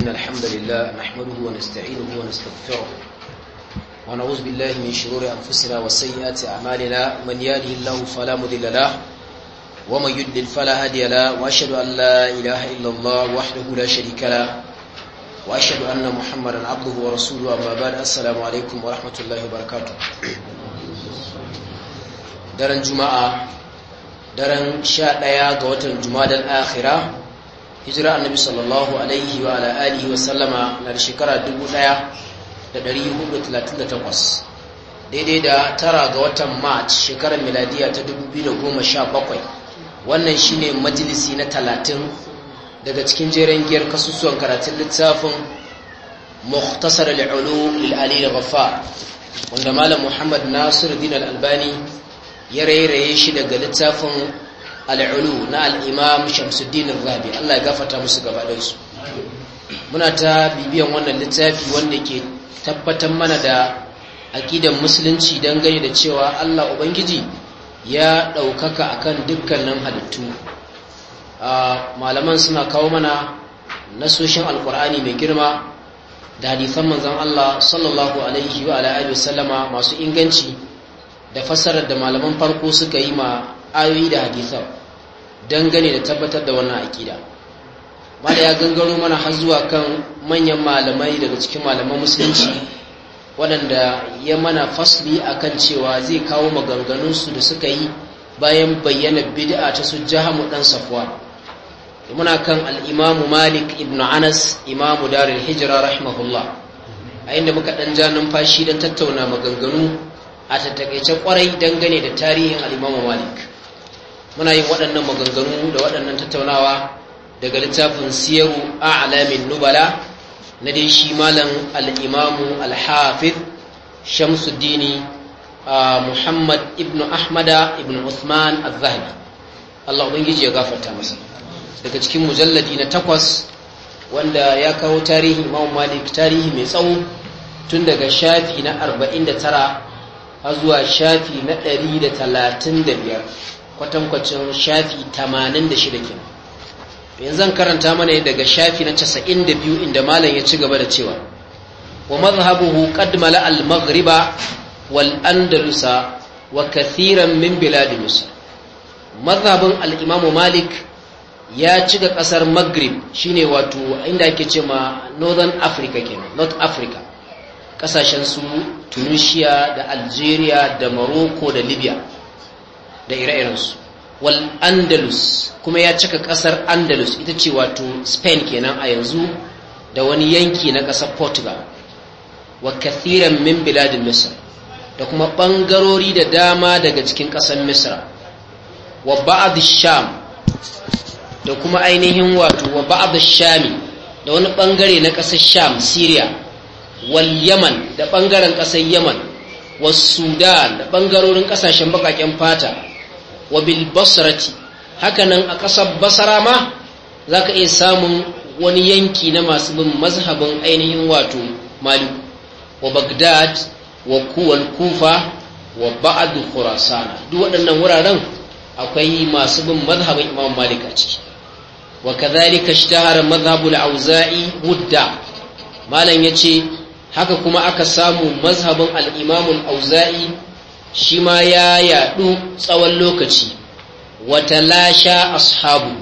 إن الحمد لله نحمده ونستعينه ونستغفره ونعوذ بالله من شرور أنفسنا وسيئات أعمالنا من يهده الله فلا مضل له ومن يضلل فلا هادي له وأشهد أن لا إله إلا الله وحده لا شريك له وأشهد أن محمدا عبده ورسوله أما بعد السلام عليكم ورحمة الله وبركاته daren juma'a daren sha ɗaya ga watan juma'a akhira hijira annabi sallallahu alaihi wa ala alihi wa sallama na da shekara 1438 daidai da tara ga watan march shekarar miladiya ta 2017 wannan shine majalisi na 30 daga cikin jeren giyar kasusuwan karatun littafin muhtasar al'ulu lil'ali da ghaffar wanda malam muhammad nasiru din al'albani ya rairaye shi daga littafin al'ulu na al'imam shamsuddin rabi Allah ya gafata musu gabaɗinsu muna ta bibiyan wannan littafi wanda ke tabbatar mana da aƙidan musulunci don gani da cewa Allah Ubangiji ya ɗaukaka a kan dukkanin halittu malaman suna kawo mana nasoshin alkur'ani mai girma da hadisan manzan Allah sallallahu alaihi wa alaihi wasallama masu inganci da fassarar da malaman farko suka yi ma ayoyi da hadisan dangane da tabbatar da wannan aƙida mala ya gangaro mana har zuwa kan manyan malamai daga cikin malaman musulunci waɗanda ya mana fasli kan cewa zai kawo maganganunsu da suka yi bayan bayyana bid'a ta su jahamu ɗan safuwa muna kan al'imamu malik ibn anas imamu darin hijira rahimahullah a inda muka ɗan ja numfashi don tattauna maganganu a tattakaice kwarai dangane da tarihin al'imamu malik muna yin waɗannan maganganu da waɗannan tattaunawa daga littafin siyaru a'lamin nubala na dai shi malam al-imamu al-hafiz shamsuddini muhammad ibnu ahmada ibnu usman al zahabi Allah ubangiji ya gafarta masa daga cikin mujalladi na takwas wanda ya kawo tarihi imamu malik tarihi mai tsawo tun daga shafi na 49 har zuwa shafi na 135 kwatankwacin shafi 86 kenan yanzu zan karanta mana daga shafi na 92 inda malam ya ci gaba da cewa wa mazhabuhu qad mala al maghriba wal andalusa wa kathiran min bilad misr mazhabun al imam malik ya ci ga kasar maghrib shine wato inda ake ce ma northern africa kenan north africa kasashen su tunisia da algeria da morocco da libya da ire-irensu wal andalus kuma ya cika kasar andalus ita ce wato spain kenan a yanzu da wani yanki na kasar portugal wa kathiran min biladin misr da kuma bangarori da dama daga cikin kasar misra wa ba'd sham da kuma ainihin wato wa ba'd shami da wani bangare na kasar sham syria wal yaman da bangaren kasar yaman wa sudan da bangarorin kasashen bakaken fata wa bil basrati hakanan a ƙasar basara ma za ka iya samun wani yanki na masu bin mazhabin ainihin wato mali wa bagdad wa kuwal kufa wa Ba'ad khurasana duk waɗannan wuraren akwai masu bin mazhabin imam malik a ciki wa kadhalika ishtahara mazhabul auza'i mudda malam yace haka kuma aka samu mazhabin al-imam al-auza'i shi ma ya yaɗu tsawon lokaci wata lasha ashabu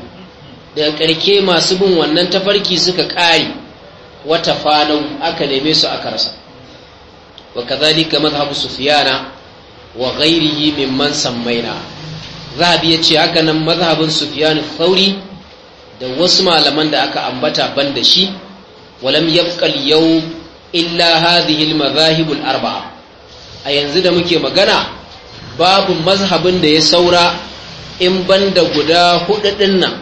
daga ƙarke masu bin wannan tafarki suka ƙari wata falau aka neme su aka rasa wa kazalika mazhabu sufiyana wa ghairihi mimman sammaina zahabi ya ce haka nan mazhabin sufiyanu sauri da wasu malaman da aka ambata ban da shi walam yabqal yau illa hadhihi al-madhahib al-arba'a a yanzu da muke magana babu mazhabin da ya saura in banda guda hudu nan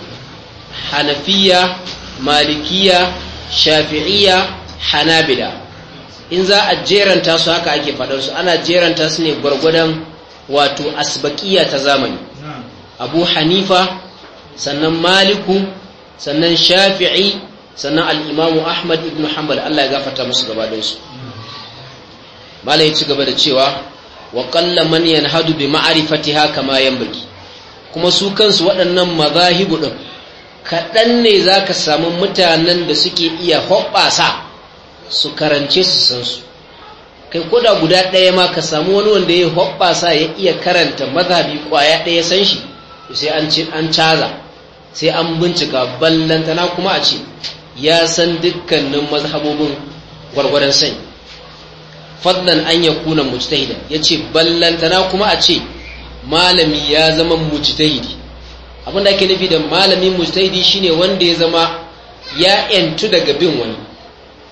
hanafiya malikiya shafi'iya hanabila in za a jeranta su haka ake su ana jeranta su ne gwargwadon wato asbakiya ta zamani abu hanifa sannan maliku sannan shafi'i sannan al'imamu ahmad ibn hanbal allah ya gafarta musu su malai ci gaba da cewa wa qalla man yanhadu bi ma kama baki, kuma su kansu waɗannan mazahibu din kaɗan ne za ka samu mutanen da suke iya hoɓasa su karance su san su kai koda guda ɗaya ma ka samu wani wanda ya hoɓasa ya iya karanta mazhabi kwaya ɗaya san shi sai an an caza sai an bincika ballantana kuma a ce ya san dukkanin mazhabobin gwargwaron sani fadlan an ya mujtahidan ce ballantana kuma a ce malami ya zama mujtahidi abin da ake nufi da malami mujtahidi shine wanda ya zama ya yantu daga bin wani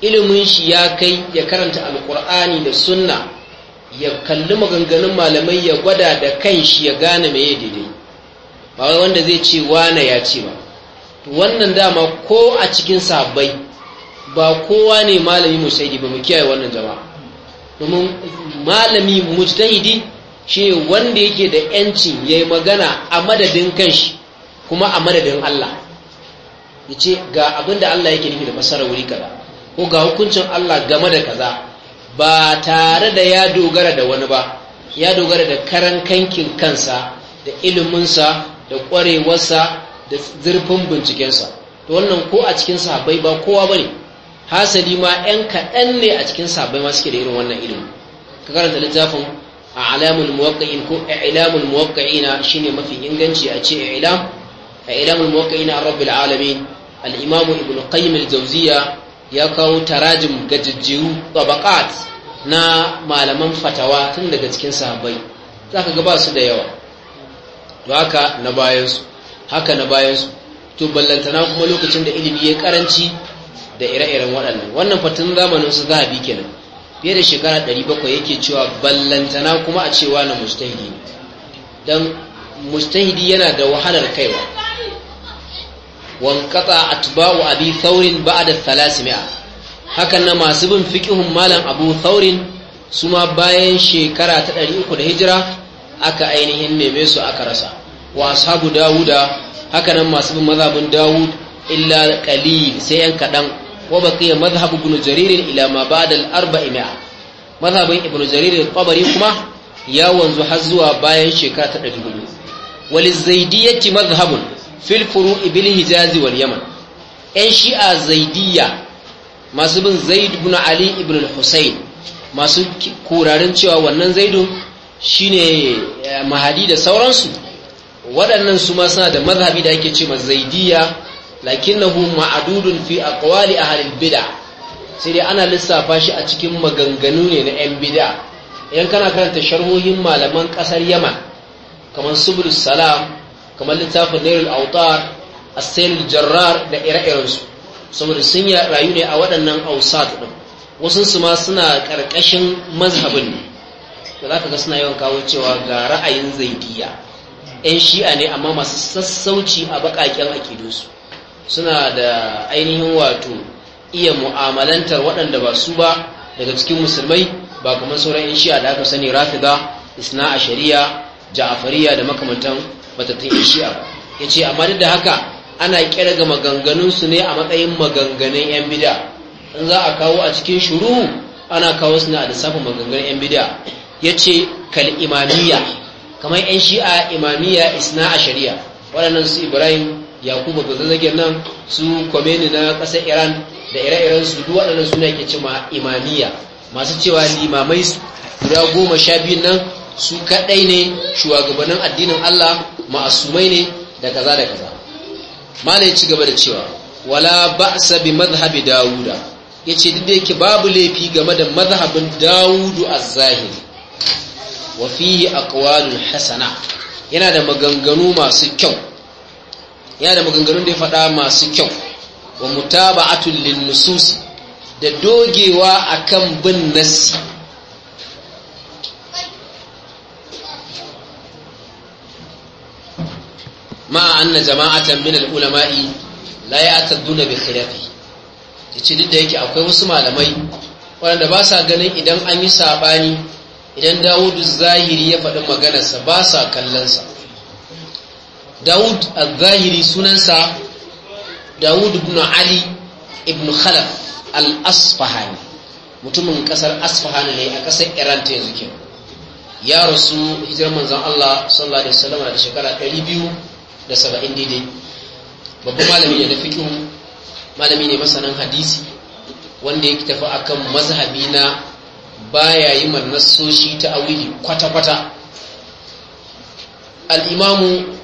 ilimin shi ya kai ya karanta alkur'ani da sunna ya kalli maganganun malamai ya gwada da kan shi ya gane mai daidai ba wanda zai ce wane ya ce ba to wannan dama ko a cikin sabbai ba kowa ne malami mujtahidi ba mu kiyaye wannan jama'a domin malami mujtahidi shi wanda yake da yanci yi magana a madadin kanshi kuma a madadin Allah Ya ce ga abinda Allah yake nufi da fasara wuri kaza ko ga hukuncin Allah game da kaza ba tare da ya dogara da wani ba ya dogara da karan kankin kansa da iliminsa da ƙwarewarsa da zurfin bincikensa to wannan ko a cikin sahabbai ba kowa bane hasali ma 'yan kaɗan ne a cikin sabai masu suke da irin wannan ilimi ka karanta littafin a alamul muwakka'in ko a ilamul muwaƙa'ina shi ne mafi inganci a ce a ilam a ilamul a rabbi al'alami al'imamu ibn qayyim al-jauziya ya kawo tarajim gajajjeru tabaqat na malaman fatawa tun daga cikin sahabbai zaka ga ba su da yawa to haka na bayansu haka na bayansu to ballantana kuma lokacin da ilimi ya karanci da ire-iren waɗannan wannan fatin zamanin su za a zahabi kenan fiye da shekara 700 yake cewa ballantana kuma a cewa na mustahidi don mustahidi yana da wahalar kaiwa wankata atba'u abi thaurin ba'da 300 hakan na masu bin fiƙihun malam abu saurin su ma bayan shekara ta 300 da hijira aka ainihin neme su aka rasa wa ashabu dawuda hakanan masu bin mazabin dawud illa kalil sai yan kaɗan. wa baqiya madhhab ibn jarir ila ma ba'da al-arba'ina madhhabin ibn jarir al kuma ya wanzu har zuwa bayan shekara ta 400 wal zaidiyati madhhabun fil furu'i bil hijaz wal yaman yan shi'a Zaidiya masu bin zaid ibn ali ibn al-husayn masu kurarin cewa wannan zaidun shine mahadi da sauransu waɗannan su ma suna da mazhabi da ake ce Zaidiya. lakinnahu ma'adudun fi aqwali ahli bid'a sai dai ana lissafa shi a cikin maganganu ne na yan bid'a 'yan kana karanta sharhohin malaman kasar Yaman kamar Subul Salam kamar littafin Nailul Awtar as Jarrar da ire-iren su saboda sun rayu ne a waɗannan ausat din wasu su ma suna karkashin mazhabin ne to zaka ga suna yawan kawo cewa ga ra'ayin zaidiya yan shi'a ne amma masu sassauci a baƙaƙen akidunsu suna da ainihin wato iya mu'amalantar waɗanda ba su ba daga cikin musulmai ba kamar sauran yan shi'a da aka sani rafida isna a shari'a ja'afariya da makamantan matattun in shi'a ya ce amma duk da haka ana ga maganganun maganganunsu ne a matsayin maganganun yan bida in za a kawo a cikin shuru ana kawo suna da a lissafin maganganun yan bida ya ce kal kamar yan shi'a imamiya, isna a shari'a waɗannan su ibrahim yakubu bazazzagen nan su komeni na ƙasar iran da ire-iren su duk waɗannan suna ke cima imamiya masu cewa limamai guda goma sha biyun nan su kaɗai ne shugabannin addinin allah ma'asumai ne da kaza da kaza ya ci gaba da cewa wala ba'sa bi mazhabi dawuda ce duk da yake babu laifi game da mazhabin dawudu a zahiri wa fihi aqwalun hasana yana da maganganu masu kyau yana da maganganun da ya faɗa masu kyau wa mutaba'atul atullin nusus da dogewa akan bin nasi ma'a anna jama'atan min al-ulama'i la ya'taduna bi khilafi yace duk da yake akwai wasu malamai waɗanda ba sa ganin idan an yi saɓani idan dawudu zahiri ya faɗi maganarsa ba sa kallonsa Dawud al-Zahiri sunansa Dawud ibn Ali ibn Khalaf al-Asfahani mutumin ƙasar Asfahani ne a ƙasar Iran ta yanzu kenan ya rasu hijirar manzon Allah sallallahu alaihi wasallam da shekara 270 daidai babban malami ne na fiqh malami ne masanan hadisi wanda ya tafi akan mazhabi na baya yi manassoshi ta awili kwata-kwata al-imamu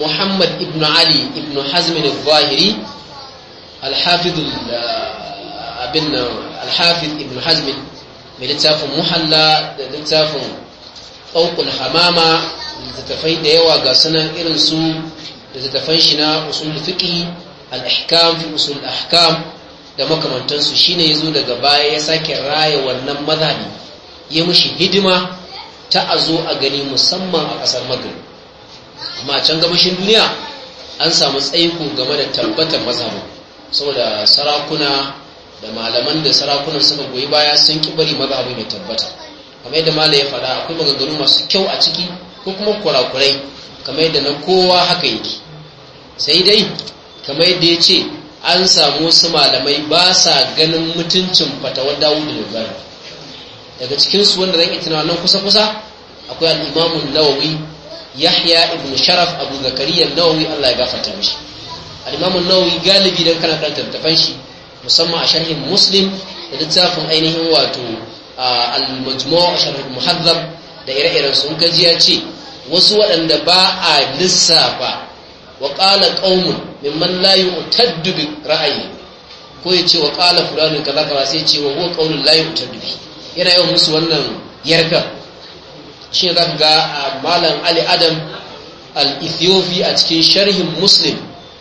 muhammad ibn ali ibn hazmin al-zahiri uh, ibn hazmin mai littafin muhalla da littafin ɗaukul hamama littattafai da yawa ga sunan irinsu littattafan shi na usul fiƙi da makamantansu shine yazo daga baya ya sake raya wannan mazhabi ya mushi hidima ta azu a gani musamman a ƙasar magana amma can gamashin duniya an samu tsaiko game da tabbatar mazhabin saboda sarakuna da malaman da sarakunan suka goyi baya sun ki bari mazhabin ya tabbata kamar yadda malai ya faɗa akwai maganganu masu kyau a ciki ko kuma kurakurai kamar yadda na kowa haka yake sai dai kamar yadda ya ce an samu wasu malamai ba sa ganin mutuncin fatawar dawudu da gani daga cikinsu wanda zan yi tunawa nan kusa-kusa akwai al'imamun nawawi yahya ibn sharaf abu zakariya nawawi allah ya gafarta mishi al-imamu nawawi galibi dan kana dan tattafan shi musamman a sharhin muslim da littafin ainihin wato al-majmu' sharh muhazzab da ire-iren sun kaji ya ce wasu waɗanda ba a lissafa wa qala qaumun mimman la yu'taddu bi ra'ayi ko ya ce wa qala fulanu kaza kaza sai ce wa huwa qaulun la yu'taddu bi yana yawan musu wannan yarkar cin za ga malam ali adam al-ethiopi a cikin sharhin muslim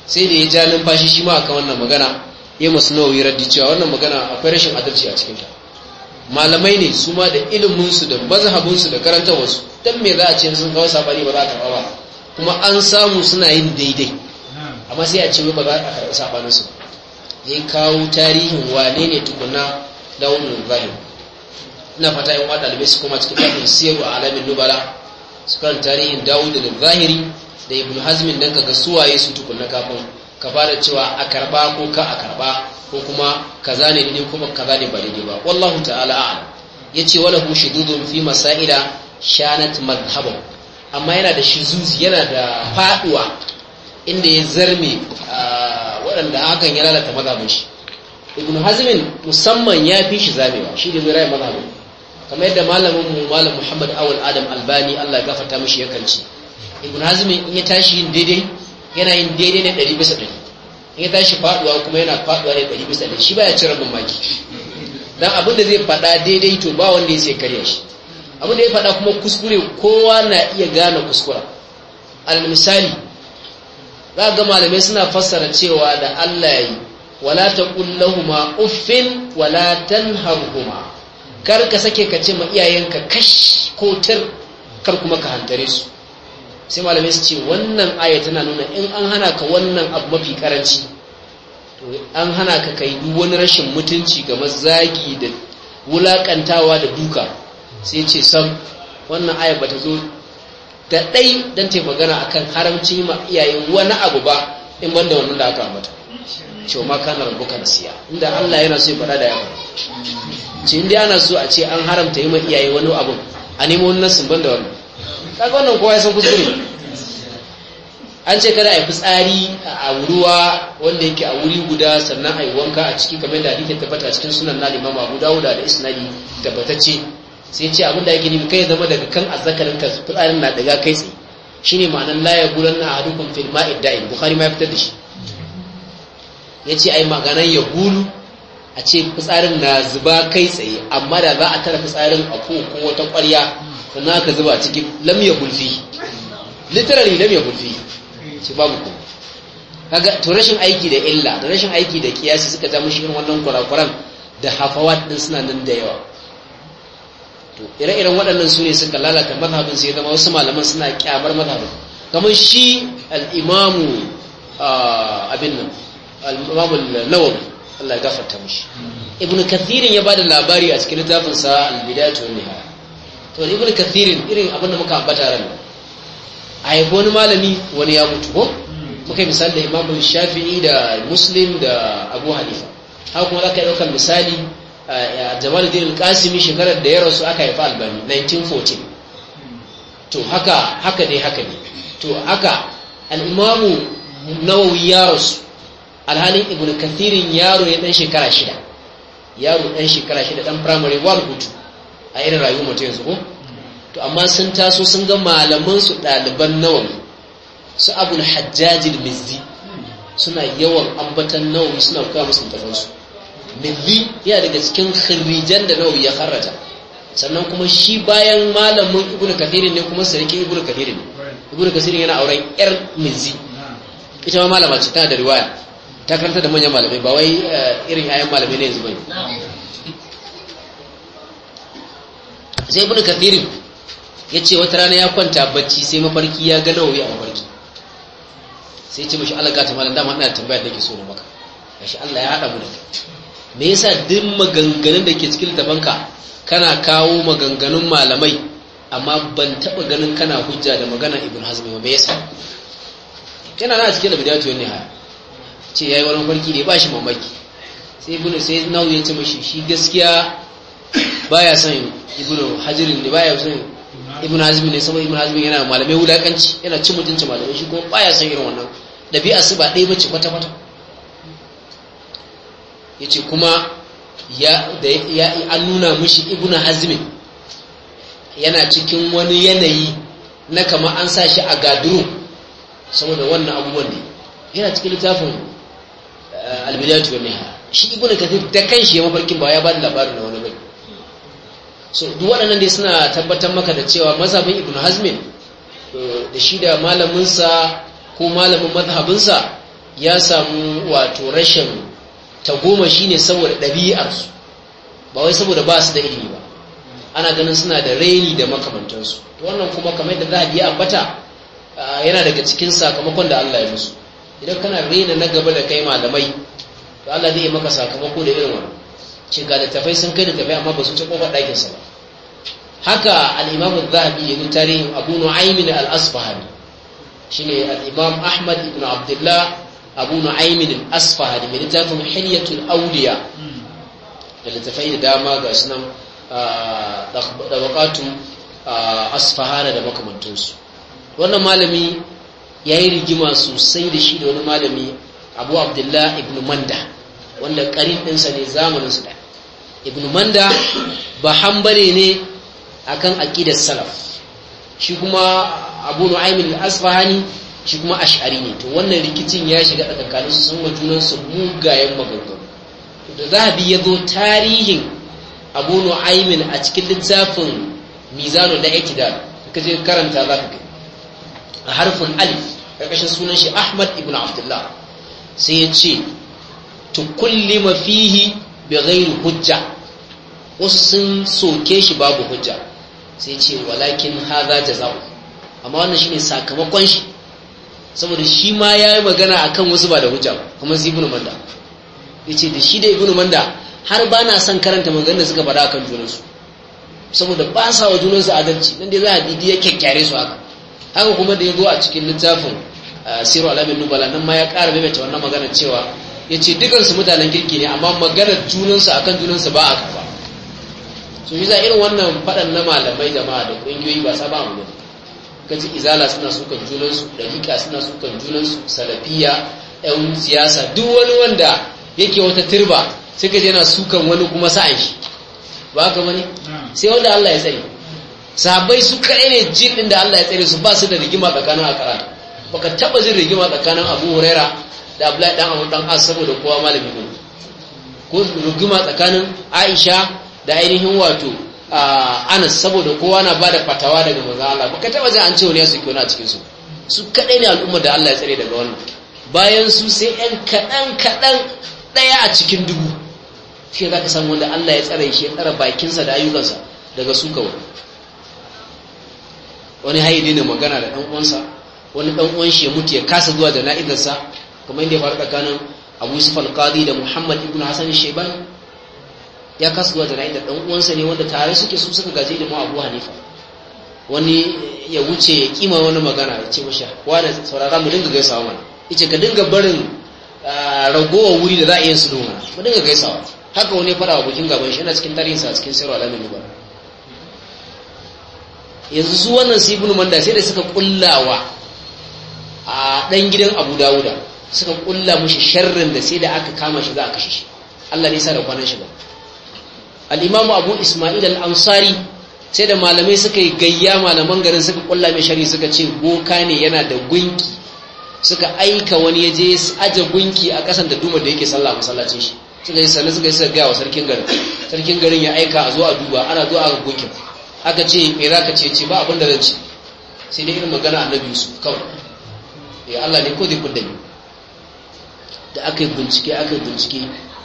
sai da ya ja numfashi shi ma aka wannan magana ya masu nawawi raddi cewa wannan magana akwai rashin adalci a cikinta malamai ne su ma da iliminsu da mazhabinsu da karantarwarsu don me za a ce sun kawo sabani ba za a karɓa ba kuma an samu suna yin daidai amma sai a ce ba za a karɓi sabaninsu ya kawo tarihin wane ne tukuna da wani zahiri ina fata yin wata dalibai su koma cikin tafin siyaru a alamin nubala su kan tarihin dawud da zahiri da ibn hazmin dan kaga suwaye su tukunna kafin ka fara cewa a karba ko ka a karba ko kuma kaza ne ne kuma kaza ne ba daidai ba wallahu ta'ala a'lam yace wala hu shududun fi masaila shanat madhhabu amma yana da zuzi yana da faduwa inda ya zarme waɗanda hakan ya lalata mazhabin shi ibn hazmin musamman ya fi shi zamewa shi da zai rayu mazhabin kamar yadda malamin mu malam Muhammad Awul Adam Albani Allah ya gafarta mishi yakan ce Ibn Hazm in ya tashi yin daidai yana yin daidai ne 100 bisa 100 in ya tashi faduwa kuma yana faduwa ne 100 bisa 100 shi baya cin rabin maki dan abin da zai faɗa daidai to ba wanda ya sai shi abin da ya faɗa kuma kuskure kowa na iya gane kuskura al misali za ga malamai suna fassara cewa da Allah ya yi wala taqul lahumu uffin wala tanharhuma kar ka sake ka ce ma iyayenka kash ko tir kar kuma ka hantare su sai malamai su ce wannan aya tana nuna in an hana ka wannan abu mafi karanci to an hana ka kai duk wani rashin mutunci ga mazagi da wulakantawa da duka sai ce sam wannan aya bata zo da ɗai don ta magana akan haramci ma iyayen wani abu ba in banda wannan da aka ambata cewa ma kana da siya inda Allah yana so ya faɗa da ya faɗa ce inda ana so a ce an haramta yi ma iyaye wani abu a nemo wannan nasin da wani kaga wannan kowa ya san kuskure an ce kada a yi fitsari a ruwa wanda yake a wuri guda sannan a yi wanka a ciki kamar da ta tabbata cikin sunan na limama abu dawuda da isnadi tabbatacce sai ce abin da yake nemi kai zama daga kan azzakarin ka fitsarin na daga kai tsaye shine ma'anan la ya a ahadukum fil ma'i da'im bukhari ma ya fitar da shi ya ce a yi maganar ya gulu a ce fitsarin na zuba kai tsaye amma da za a tara fitsarin a ko wata kwarya sannan aka zuba cikin lam ya gulfi literally lam ya gulfi ce babu kuma kaga to rashin aiki da illa da rashin aiki da kiyasi suka ja mushi irin wannan kurakuran da hafawa din suna nan da yawa to ire-iren waɗannan su ne suka lalata mazhabin sai zama wasu malaman suna kyamar mazhabin kamar shi al-imamu ah, abin nan al-imam nawawi Allah ya gafarta mishi ibnu kathirin ya bada labari a cikin littafin sa al-bidayatu wan nihaya to ibnu kathirin irin abin da muka ambata ran a haifi wani malami wani ya mutu ko muka yi misali da imam al shafi'i da muslim da abu hanifa haka kuma za ka yi ɗaukar misali eh, a jamaluddin kasimi shekarar da ya rasu aka haifa albani 1914 to haka haka dai haka ne to haka al'imamu nawawi ya rasu alhalin ibn kathirin yaro ya dan shekara shida yaro dan shekara shida dan primary one hutu a irin rayuwar mutum yanzu ko to amma sun taso sun ga malaman su ɗaliban nawa su abul hajjaj al-mizzi suna yawan ambatan nawa suna koya musu tafan su mizzi yana daga cikin khirijan da nawa ya karrata. sannan kuma shi bayan malamin ibnu kathirin ne kuma sarki ibnu kathirin ibnu kathirin yana auren yar mizzi ita ma malama ce tana da riwaya ta karanta da manyan malamai ba wai eh, irin 'ya'yan malamai ne yanzu bane sai ibn kathirin ya ce wata rana ya kwanta bacci sai mafarki ya ga nawawi a mafarki sai ce mashi Allah gata malam dama ina tambaya da ke so maka shi Allah ya haɗa mu da me yasa duk maganganun da ke cikin tabanka kana kawo maganganun malamai amma ban taɓa ganin kana hujja da magana ibn hazmi ba me yasa yana na cikin da bidiyatu ne haya ce yi wani farki ne ba shi mamaki sai ibnu sai nawu ya ce mashi shi gaskiya ba ya son hajjirin da ne ya son na azumi ne saboda na azumi yana malamai wulakanci yana cin mutunci malamai shi kuma ba ya son irin wannan da biya su ba ɗaya mace kwata kwata ce kuma ya da an nuna mishi na hazmi yana cikin wani yanayi na kama an sa shi a gadiru saboda wannan abubuwan ne yana cikin littafin albidayatu wa nihaya shi ibnu kathir da kanshi ya mafarkin ba ya ba da labarin na wani bai so duk waɗannan dai suna tabbatar maka da cewa mazhabin Ibn hazmin uh, da shi da malaminsa ko malamin mazhabinsa ya samu wato rashin shi ne saboda ɗabi'arsu ba wai saboda ba su da ilimi ba ana ganin suna da raini da makamantansu wannan kuma kamar yadda za a biya ambata uh, yana daga cikin sakamakon da Allah ya musu idan kana rena na gaba da kai malamai to Allah zai yi maka sakamako da irin wannan ce ga tafai sun kai tafai amma ba su ci kofar sa ba haka az zahabi ya tarihin abu al al'asfahani shi ne al'imam ahmad ibn abdullah abu nu'aimin Asfahani mai littafin hilyatul auliya da tafai da dama ga sunan nan da waqatu asfahana da makamantansu wannan malami ya yi rigima sosai da shi da wani malami abu Abdullahi ibn manda wanda karin ɗinsa ne zamanin su da ibn manda ba hambare ne akan aƙidar salaf shi kuma abu nu'aymin al-asfahani shi kuma ash'ari ne to wannan rikicin ya shiga tsakankanin su sun junan su mugayen maganganu da zahabi ya zo tarihin abu nu'aymin a cikin littafin mizanu da ikidal kaje karanta za ka a harfin alif ƙarƙashin sunan shi ahmad ibn abdullah sai ya ce tukullima mafihi bi ghairi hujja wasu sun soke shi babu hujja sai ce walakin haza jaza'u amma wannan shine sakamakon shi saboda shi ma yayi magana akan wasu ba da hujja kamar su ibnu manda yace da shi da Ibn manda har ba na son karanta maganar da suka faɗa akan junansu saboda ba sa wa junansu adalci nan dai za a bibiya kyakkyare su haka haka kuma da ya zo a cikin littafin siru alamin nubala nan ma ya ƙara maimaita wannan magana cewa ya ce dukansu mutanen kirki ne amma maganar junansu akan junansu ba a kafa so yi za irin wannan faɗan na malamai jama'a da ƙungiyoyi ba saba mu gani kaji izala suna sukan junansu dalika suna sukan junansu salafiya yan siyasa duk wani wanda yake wata turba sai kaji yana sukan wani kuma sa'an shi ba ka bane sai wanda Allah ya tsare sahabbai su kai ne jin din da Allah ya tsare su ba su da rigima tsakanin akara baka taba jin rigima tsakanin abu huraira da abdullahi dan abu dan as saboda kowa malami ne ko rigima tsakanin aisha da ainihin wato anas saboda kowa na bada fatawa daga manzo Allah baka taba jin an ce wani ya soki wani a cikin su su kadai ne al'ummar da Allah ya tsare daga wannan bayan su sai yan kaɗan kaɗan ɗaya a cikin dubu shi za ka samu wanda Allah ya tsare shi ya tsara bakinsa da ayyukansa daga su kawai wani haidi ne magana da ɗan uwansa wani dan uwan shi ya mutu ya kasa zuwa da jana'izarsa kamar inda ya faru tsakanin Abu Yusuf al da Muhammad ibn Hassan al ya kasa zuwa da jana'izar dan uwansa ne wanda tare suke su suka gaje da Abu Hanifa wani ya wuce ya kima wani magana ya ce masha wani saurara mu dinga gaisawa mana ice ka dinga barin ragowar wuri da za a yi su nuna mu dinga gaisawa haka wani fara wa bukin gaban shi yana cikin tarihinsa cikin sirwa alamin nubar yanzu su wannan su ibnu manda sai da suka kullawa a ɗan gidan abu dawuda suka kulla mushi sharrin da sai da aka kama shi za a kashe shi allah ne sa da kwanan shi ba al'imamu abu ismail al'ansari sai da malamai suka yi gayya malaman garin suka kulla mai shari suka ce boka ne yana da gunki suka aika wani ya je aje gunki a kasan da duma da yake sallah masallacin shi suka yi sannan suka yi suka gaya wa sarkin garin sarkin garin ya aika a zo a duba ana zo a gunkin aka ce me za ka ce ce ba abin da zan ce sai dai irin magana annabi yusuf kawai ya eh, Allah ne ko zai kulle da aka yi bincike aka yi bincike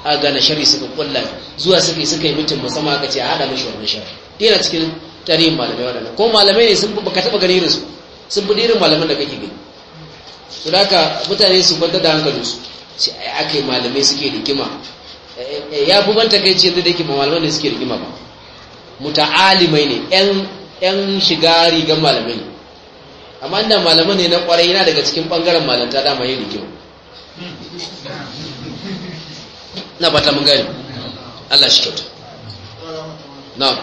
aka gane shari suka kulla zuwa suka yi suka yi mutum musamman aka ce a haɗa mashi wannan shari dina cikin tarihin malamai wadanda ko malamai ne sun baka taɓa ganin irinsu sun bi irin malaman da kake gani su da haka mutane su kwanta da hankalinsu sai aka yi malamai suke rigima eh, eh, ya fi banta kai ce da yake malamai malaman da suke rigima ba muta'alimai ne yan shiga rigar malamai ne amma inda malaman ne na kwarai yana daga cikin bangaren malanta dama yin kyau. na fata mun gani Allah shi kyauta na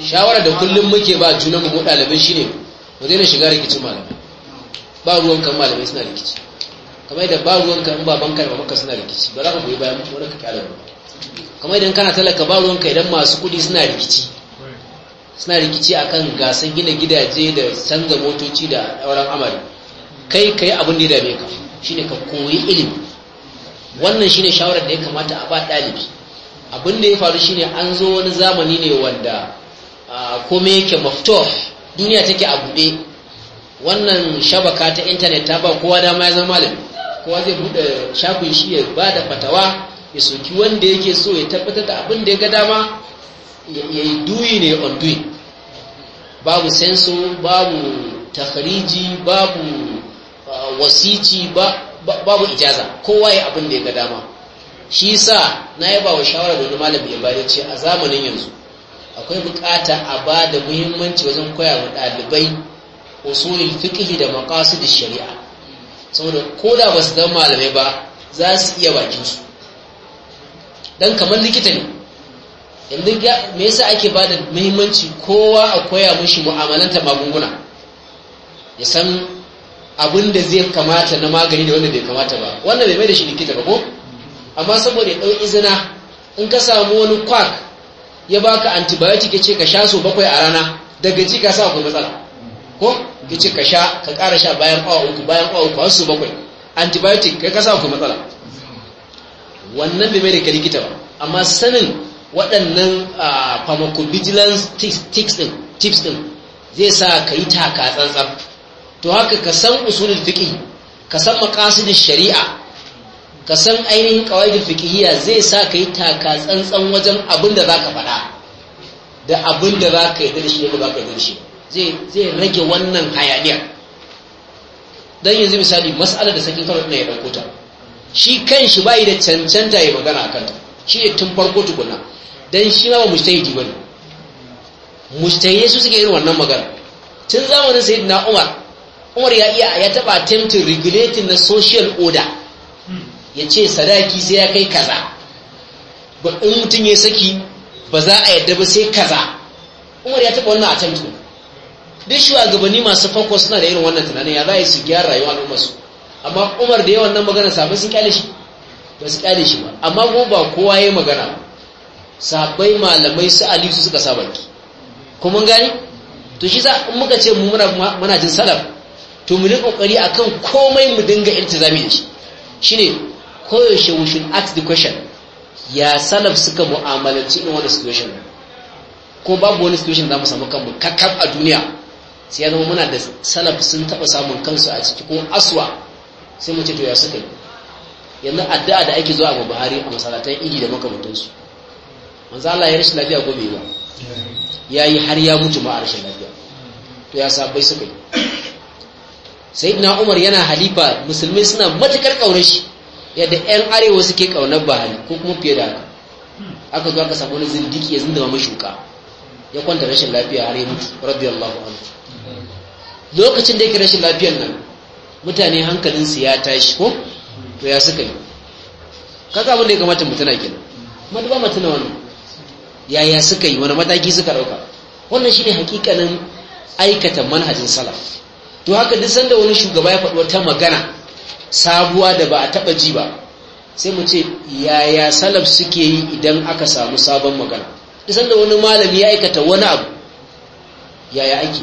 shawara da kullum muke ba junan mu ɗalibai shine mu daina shiga rikicin malamai ba ruwan kan malamai suna rikici kamar yadda ba ruwan kan babban karba maka suna rikici ba za ka goyi bayan wani ka kyale ba kamar idan kana talaka ba ruwanka idan masu kudi suna rikici suna rikici akan gasar gina gidaje da canza motoci da auren amari kai kai abin da dame ka shine ka koyi ilimi wannan shine shawarar da ya kamata a ba dalibi abin da ya faru shine an zo wani zamani ne wanda komai yake maftof duniya take a buɗe wannan shabaka ta intanet ta ba kowa dama ya zama malami kowa zai buɗe shafin shi ya ba da fatawa ya soki wanda yake so ya tabbatar da abin da ya ga dama ya yi duyi ne on doing babu senso babu tafariji babu uh, wasici babu ijaza kowa ya abin da ya ga dama shi sa na yaba wa shawara da wani malami ya bada ce a zamanin yanzu akwai bukata a ba da muhimmanci wajen koya wa ɗalibai usulul fiqh da maqasid shari'a saboda ko da ba su zama malamai ba za su iya bakin su dan kamar likita ne yanzu me yasa ake ba da muhimmanci kowa a koya mushi mu'amalanta magunguna ya san abin da zai kamata na magani da wanda bai kamata ba wannan bai mai da shi likita ba ko amma saboda ya ɗau izina in ka samu wani kwak ya baka antibiotic ya ce ka sha so bakwai a rana daga ji ka sa akwai matsala ko ya ce ka sha ka ƙara sha bayan awa uku bayan awa uku har so bakwai antibiotic ka sa akwai matsala wannan bai mai da likita ba amma sanin waɗannan pharmacovigilance tips ɗin zai sa ka yi taka tsantsan to haka ka san usulul fiqh ka san maqasidin shari'a ka san ainihin qawaidul fiqhiyya zai sa ka yi taka tsantsan wajen abin da zaka faɗa da abin da zaka yi da shi da zaka yi shi zai rage wannan hayaniya dan yanzu misali mas'alar da sakin karo ne ya dauko ta shi kan shi bai da cancanta ya magana a kanta shi ne tun farko tukuna don shi ma ba mustahidi ba ne mustahidai su suke irin wannan magana tun zamanin sai na umar umar ya iya ya taɓa attempting regulating na social order ya ce sadaki sai ya kai kaza ba in mutum ya saki ba za a yadda ba sai kaza umar ya taɓa wannan attempting duk shugabanni masu farko suna da irin wannan tunanin ya za a yi su gyara rayuwa su. amma umar da yawan nan magana sahabbai sun kyale shi ba su kyale shi ba amma kuma ba kowa ya magana sabai malamai su ali su suka saba ki kuma gani to shi za in muka ce mu muna muna jin salaf to mu yi kokari akan komai mu dinga iltizami da shi shine koyaushe we should ask the question ya salaf suka mu'amalanci in wannan situation ko babu wani situation da mu samu kanmu kakkab a duniya sai ya zama muna da salaf sun taɓa samun kansu a ciki ko aswa sai mu ce to ya suka yi yanzu addu'a da ake zuwa ga buhari a masalatan idi da makamantansu manzo Allah ya rashin lafiya gobe ba yayi har ya mutu ba a rashin lafiya to ya sabai suka yi sayyidina Umar yana halifa musulmai suna matukar kaunar shi yadda ƴan arewa suke kaunar Buhari ko kuma fiye da haka aka zo aka samu wani zindiki ya zindama mashuka ya kwanta rashin lafiya har ya mutu radiyallahu anhu lokacin da yake rashin lafiyar nan mutane hankalinsu ya tashi ko to ya suka yi kaka abin da ya kamata mutuna kenan kuma duba ba mutuna wannan yaya suka yi wani mataki suka dauka wannan shine hakikanin aikata manhajin salaf to haka duk sanda wani shugaba ya faɗi wata magana sabuwa da ba a taba ji ba sai mu ce yaya salaf suke yi idan aka samu sabon magana duk sanda wani malami ya aikata wani abu yaya ake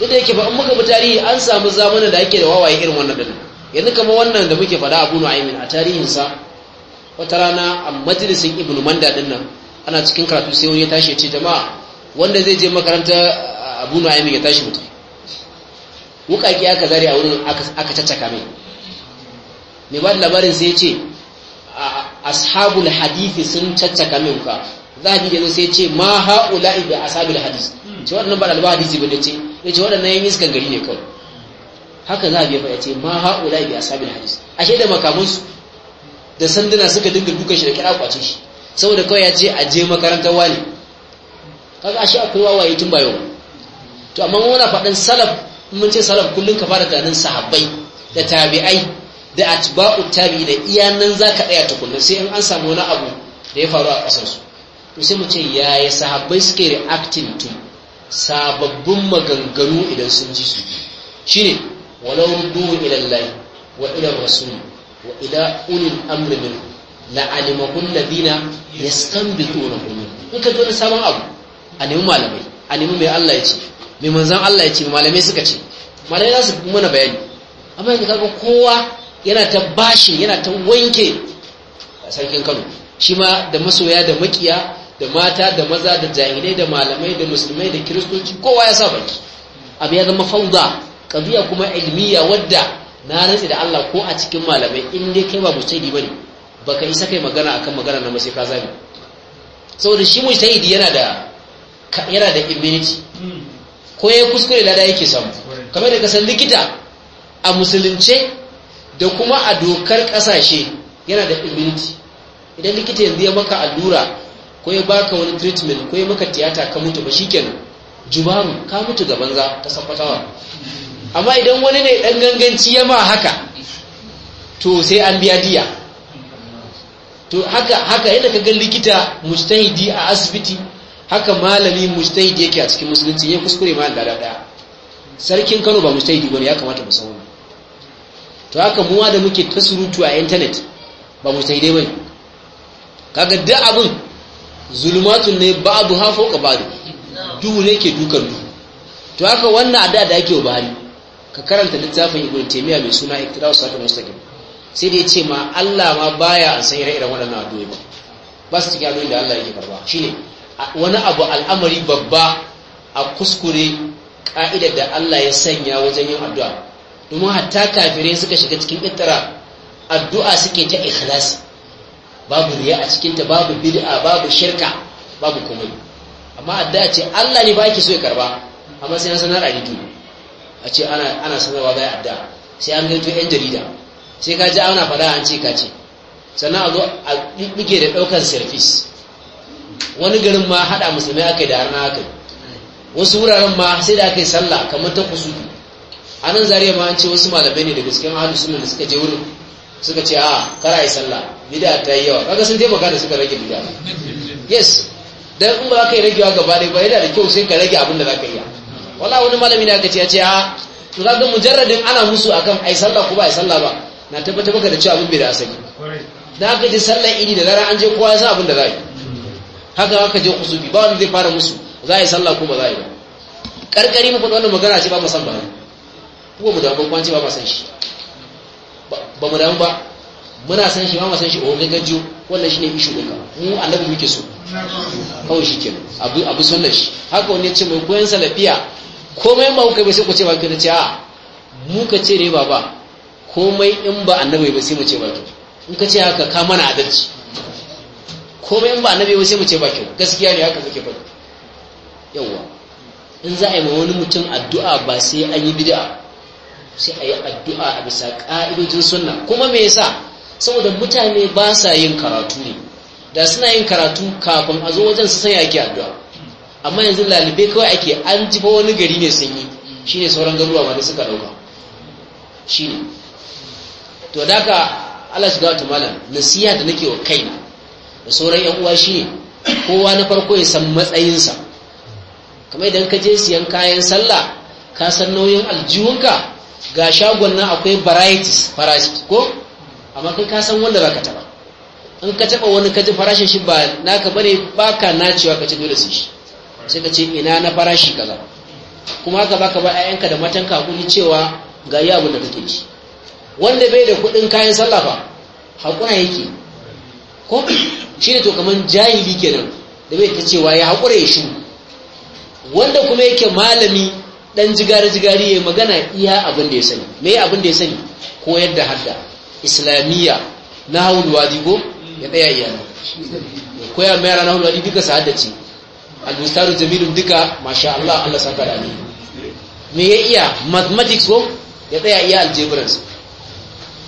duk da yake ba an muka bi tarihi an samu zamanin da ake da wawaye irin wannan din yanzu kamar wannan da muke faɗa Abu Nu'aymin a tarihinsa wata rana a majalisin Ibn Manda din nan ana cikin karatu sai wani ya tashi ya ce jama'a wanda zai je makaranta ah, Abu Nu'aymin ya tashi mutum wukaki aka zare a wurin aka caccaka mai me ba da labarin sai ya ce ashabul hadithi sun caccaka mai wuka zahabi da sai ya ce ma ha'ula'i bi ashabul hadith ce wannan ba da hadisi ba da ce ya ce waɗannan yan iskan gari ne kawai haka za a biya faɗa ce ma haula bi sabin hadis ashe da makamansu da sanduna suka dinga dukan shi da kira kwace shi saboda kawai ya ce a je makarantar wani kaga ashe akwai wawaye tun ba yau to amma muna faɗin salaf mun ce salaf kullum ka fara tunanin sahabbai da tabi'ai da atba'u tabi da iyanan zaka tsaya tukunna sai in an samu wani abu da ya faru a ƙasarsu to sai mu ce yaya sahabbai suke reacting to sababbin maganganu idan sun ji su Shi shine walau rudduhu ilan Allah wa ilan rasul wa ila ulil amri min la ya san yastanbituna minhu in ka zo sabon abu a nemi malamai a nemi mai Allah ya ce mai manzan Allah ya ce malamai suka ce malamai za su mana bayani amma yanzu kaga kowa yana ta bashi yana ta wanke sarkin Kano shi ma da masoya da makiya da mata da maza da jahilai da malamai da musulmai da kiristoci kowa ya sa baki abu ya zama fauda kabiya kuma ilmiya wadda na rantsi da Allah ko a cikin malamai in dai kai ba mujtahidi bane baka isa kai magana akan magana na mace ka zabi saboda shi mujtahidi yana da yana da immunity ko ya kuskure lada yake samu kamar da kasan likita a musulunce da kuma a dokar kasashe yana da immunity idan likita yanzu ya maka allura ko ya baka wani treatment ko ya maka tiyata ka mutu ba shikenan jubaru ka mutu ga banza ta sabbatawa amma idan wani ne dan ganganci ya ma haka to sai an biya diya to haka haka yadda ga likita mujtahidi a asibiti haka malami mujtahidi yake a cikin musulunci ya kuskure ma da daya sarkin Kano ba mujtahidi bane ya kamata mu san to haka muwa da muke ta a internet ba mujtahidi bane kaga duk abin zulumatun ne ba'adu ha fauka da duhu ne ke dukan duhu to haka wannan ada da ake wa bahari ka karanta littafin ibn taymiya mai suna iktidal ta mustaqim sai da yace ma Allah ma baya an san ire-iren waɗannan addu'o'i ba ba su cikin addu'o'in da Allah yake karba shine wani abu al'amari babba a kuskure ka'idar da Allah ya sanya wajen yin addu'a domin hatta kafirai suka shiga cikin ittira addu'a suke ta ikhlasi babu riya a cikinta babu bid'a babu shirka babu komai amma a ce Allah ne ba so ya karba amma sai an sanar a rediyo a ce ana ana sanarwa bai adda sai an gaito yan jarida sai ka ji ana faɗa an ce ka ce sannan a zo a dike da ɗaukar service wani garin ma haɗa musulmai akai da harna akai wasu wuraren ma sai da aka yi sallah kamar ta kusudu a nan zariya ma an ce wasu malamai ne daga cikin ahlus sunna da suka je wurin suka ce ah, a kara yi sallah bid'a ta yi yawa kaga sun taimaka da suka rage bid'a yes dan in ba ka yi ragewa gaba ɗaya ba yana da kyau sai ka rage abin da za ka yi wala wani malami ne aka ce ya ce a ah, to zaka mujarradin ana musu akan ai sallah ko ba ai sallah ba na tabbatar maka da cewa abin bai da asali da aka ji sallar idi da zara an je kowa ya san abin da za yi haka aka je kusubi ba wanda zai fara musu za a yi sallah ko ba za a yi ba karkari mu faɗi wannan magana ce ba mu ba ko mu da ban kwanci ba ba san shi ba mu da ba muna san shi ba mu san shi o ga jiyo wannan shine ishu din mu annabi muke so kawai shikenan abu abu sallar shi haka wani ce mai koyan salafiya komai ma kuka bai sai ku ce ba kina ce a mu ka ce ne baba komai in ba annabi ba sai mu ce ba ki in ka ce haka ka mana adalci komai in ba annabi ba sai mu ce ba ki gaskiya ne haka kuke faɗi yawwa in za a yi ma wani mutum addu'a ba sai an yi bid'a sai a yi addu'a a bisa ƙa'idojin sunna kuma me yasa saboda mutane ba sa yin karatu ne da suna yin karatu kafin a zo wajen su sanya ake addu'a amma yanzu lalibai kawai ake an ji fa wani gari ne sun yi shine sauran garuruwa ma da suka dauka shine to da ka Allah shiga malam nasiha da nake wa kai da sauran yan uwa shine kowa na farko ya san sa kamar idan ka je siyan kayan sallah ka san nauyin aljihunka ga shagon nan akwai varieties farasit, ko amma kai ka san wanda baka taba in ka taba wani ka ji farashin shi ba naka bane baka nacewa ka ci dole su shi sai ka ce ina na farashi kaza kuma haka baka ba ayyanka da matanka hakuri cewa ga yi abin da kake ji wanda bai da kuɗin kayan sallah ba hakura yake ko shi ne to kaman jahili kenan da bai ta cewa ya hakura ya shi wanda kuma yake malami dan jigari-jigari ya magana iya abin da ya sani me abin da ya sani koyar da hadda islamiyya na haul wadi go ya tsaya iyana koya mai yara na haul wadi duka sa'adda al mustaru jamilun duka masha Allah Allah saka da ne me ya iya mathematics ko ya daya iya algebra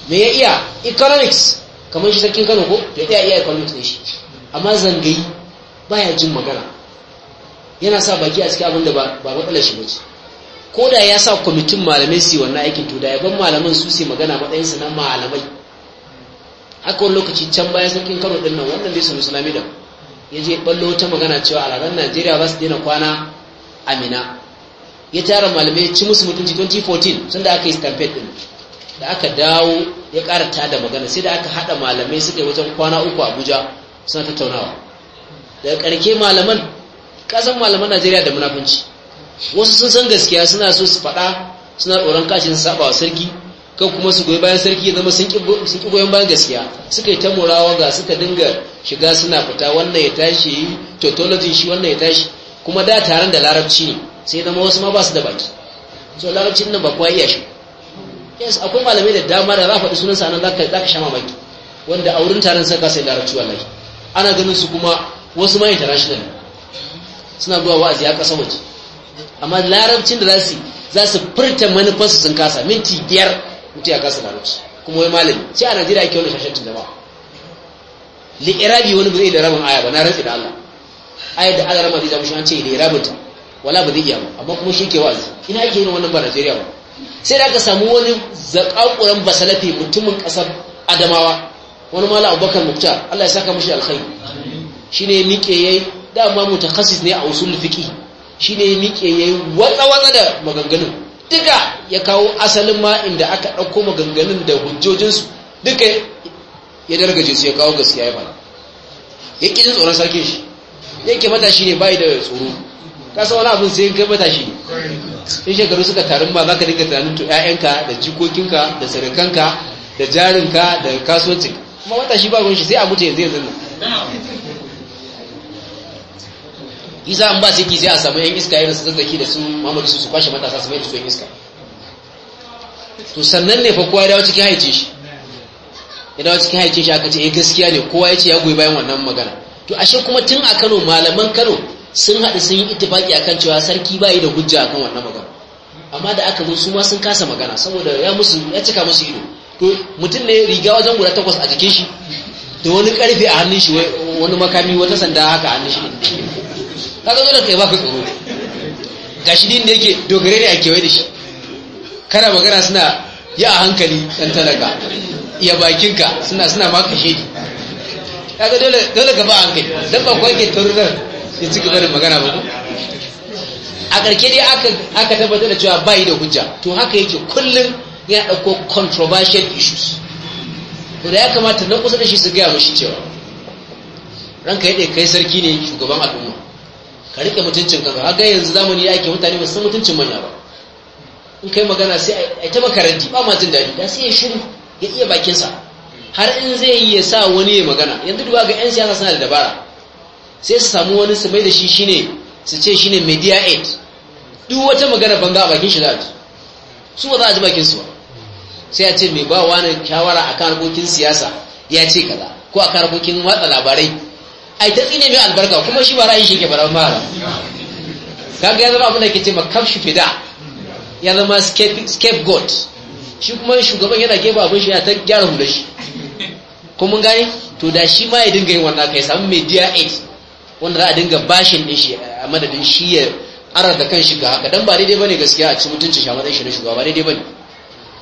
me ya iya economics kamar shi sarkin Kano ko ya daya iya economics ne shi amma zangayi baya jin magana yana sa baki a cikin abin da ba matsalar shi bace ko da ya sa kwamitin malamai su yi wannan aikin to da yaban malaman su su magana matsayinsu na malamai haka wani lokaci can baya sarkin kano din nan wannan dai su musulmi da ya je ballo ta magana cewa ranar najeriya ba su daina kwana amina ya tara malamai ci musu mutunci 2014 sun da aka yi stampede din da aka dawo ya ƙara da magana sai da aka haɗa malamai suka yi wajen kwana uku abuja suna tattaunawa daga ƙarke malaman ƙasan malaman najeriya da munafunci wasu sun san gaskiya suna so su faɗa suna tsoron kashin saba wa sarki kan kuma su goyi bayan sarki ya zama sun ƙi goyon bayan gaskiya suka yi ta murawa ga suka dinga shiga suna fita wannan ya tashi yi tautologin shi wannan ya tashi kuma da taron da larabci ne sai zama wasu ma ba su da baki so larabcin nan ba kuwa iya shi yes akwai malamai da dama da za faɗi sunan sa nan za ka sha mamaki wanda a wurin taron saka sai larabci wallahi ana ganin su kuma wasu ma international suna zuwa wa'azi ya ƙasa waje amma larabcin da za su za su furta manufarsu sun kasa minti biyar mutu ya kasa larabci kuma wai malami ce a najeriya ake wani tun jama'a li'irabi wani ba zai da rabin aya ba na rantsi da allah ayar da allah rama zai zamu an ce ta wala ba zai iya ba amma kuma shi ke wa'azi ina ake yin wannan ba najeriya ba sai da aka samu wani zakakuran basalafi mutumin kasar adamawa wani mala abubakar muktar allah ya saka mashi alkhai shi ne miƙe ya yi dama mutakassis ne a usul fiƙi shi ne miƙe ya yi watsa-watsa da maganganun duka ya kawo asalin ma inda aka ɗauko maganganun da hujjojinsu duka ya dargaje su ya kawo gaskiya ya fara ya ƙi jin tsoron sarkin shi yake matashi ne bai da tsoro sa wani abin sai kai matashi ne in shekaru suka tarin ba za ka dinga tunanin to 'ya'yanka da jikokinka da sadakanka da jarinka da kasuwancinka kuma matashi ba ruwan sai a mutu yanzu yanzu isa an ba siki sai a samu yan iska irin su zazzaki da su Muhammadu su su kwashe matasa su mai da su yan iska to sannan ne fa kowa ya dawo cikin haice shi ya dawo cikin haice shi aka ce eh gaskiya ne kowa ya ce ya goyi bayan wannan magana to ashe kuma tun a Kano malaman Kano sun haɗu sun yi ittifaki akan cewa sarki ba yi da hujja akan wannan magana amma da aka zo su ma sun kasa magana saboda ya musu ya cika musu ido to mutum ne riga wajen guda takwas a jikin shi da wani karfe a hannun shi wani makami wata sanda haka a hannun shi kaga ka kai baka tsoro gashi din da yake dogare ne a kewaye da shi kana magana suna yi a hankali dan talaka iya bakinka suna suna ma kashe ni kaga dole dole ka ba hankali dan ba kwai ke tarurar ya ci gaba da magana ba a ƙarke dai aka aka tabbatar da cewa bai da hujja to haka yake kullun ya dauko controversial issues to da ya kamata na kusa da shi su gaya mashi cewa ranka yadda kai sarki ne shugaban al'umma ka rike mutuncin kanka ga yanzu zamani ya ake mutane ba san mutuncin manya ba in kai magana sai a ta makaranti ba ma jin daɗi da sai ya shiru ya iya bakinsa har in zai yi ya sa wani ya magana yanzu duba ga 'yan siyasa suna da dabara sai su samu wani su mai da shi shine su ce shine media aid duk wata magana banga a bakin shi za ji su ba za a ji bakin su ba sai a ce mai ba wani kyawara akan harkokin siyasa ya ce kaza ko akan harkokin watsa labarai ai ta tsine mai albarka kuma shi ba ra'ayi shi ke fara mara kaga ya zama abin da ke ce ma kafshi fida ya zama scapegoat shi kuma shugaban yana gefe abin shi ta gyara hula shi kuma gani to da shi ma ya dinga yin wannan kai samu media aid wanda za a dinga bashin din shi a madadin shi ya arar da kan shi ga haka dan ba daidai bane gaskiya a cikin mutuncin shi a matsayin shi na shugaba ba daidai bane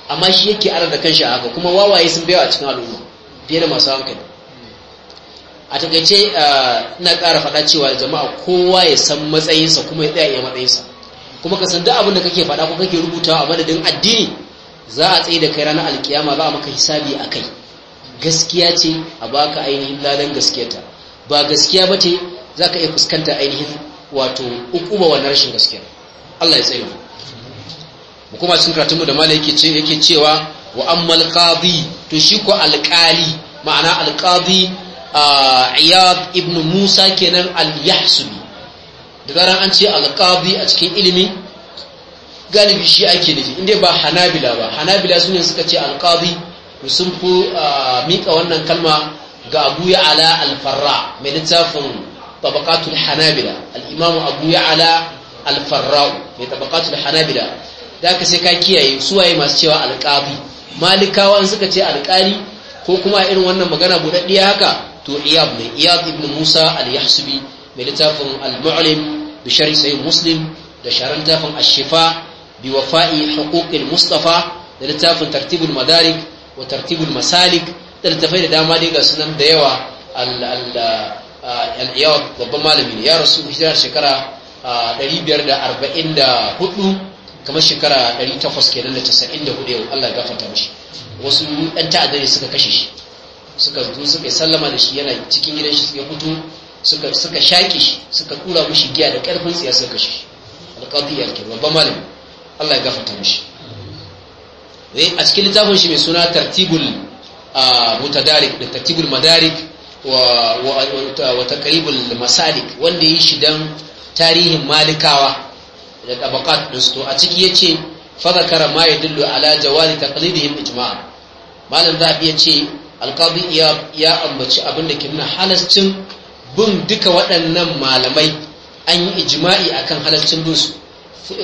amma shi yake arar da kan shi a haka kuma wawaye sun bayawa a cikin al'umma fiye da masu hankali a takaice ina ƙara faɗa cewa jama'a kowa ya san matsayinsa kuma ya tsaye iya matsayinsa kuma ka san duk abin da kake faɗa ko kake rubutawa a madadin addini za a tsaye da kai ranar alkiyama za a maka hisabi a kai gaskiya ce a baka ainihin ladan gaskiyarta ba gaskiya ba ce za ka iya fuskanta ainihin wato ukuba wa rashin gaskiya Allah ya tsaye mu kuma cikin mu da mala yake yake cewa wa ammal qadi to shi ko alqali ma'ana alqadi iyad ibn musa kenan al-yahsubi da zaran an ce al a cikin ilimi galibi shi ake nufi inda ba hanabila ba hanabila su ne suka ce al-qadi sun fi mika wannan kalma ga abu ya ala al-farra mai littafin tabaqatul hanabila al-imam abu ya ala al-farra mai tabaqatul hanabila da ka sai ka kiyaye suwaye masu cewa al-qadi malikawa suka ce alƙali ko kuma irin wannan magana budaddiya haka to iyad ne iyad ibn musa al-yahsubi mai littafin al-mu'lim bi sharh sahih muslim da sharan littafin ash-shifa bi wafa'i huquqil mustafa da littafin tartibul madarik wa tartibul masalik da littafai da dama dai ga sunan da yawa al-iyad babban malami ne ya rasu hijira shekara 544 kamar shekara 800 kenan da 94 yau Allah ya gafarta mishi wasu ɗan ta'adda ne suka kashe shi suka zo suka sallama da shi yana cikin gidan shi ya fito suka suka shaƙe shi suka kura mushi giya da ƙarfin tsiya suka shi alƙafi yake babban malami Allah ya gafarta mushi wai eh, a cikin littafin shi mai suna tartibul mutadarik da tartibul madarik wa wa taqribul masalik wanda yi shi dan tarihin malikawa da tabaqat din a ciki yace fa zakara ma yadullu ala jawazi taqlidihim ijma'a malam zabi yace alqadi ya ambaci abin da ke nuna halascin bin duka waɗannan malamai an yi ijma'i akan halascin bin su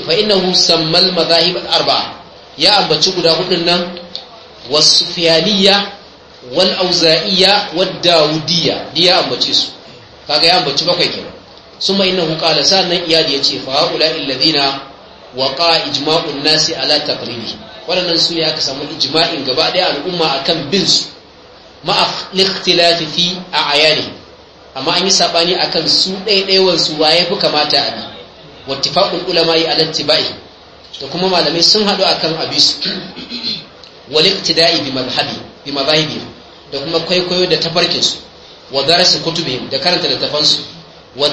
fa sammal madahib arba'a ya ambaci guda hudun nan wasufiyaniya wal auza'iyya wad dawudiyya ya ambace su kaga ya ambaci bakwai kenan summa innahu qala sanan iyadi yace fa haula alladhina waqa ijma'un nasi ala taqribi wadannan su ya ka samu ijima'in gaba ɗaya al'umma akan bin su ma'a ikhtilafi fi a'yani amma an yi sabani akan su ɗaiɗaiwan su waye fi kamata a bi wattifaqul ulama yi alattibai da kuma malamai sun haɗu akan abisu wal iktida'i bi madhhabi bi madhahibi da kuma kwaikwayo da tafarkin su wa darasi kutubihim da karanta littafan su wa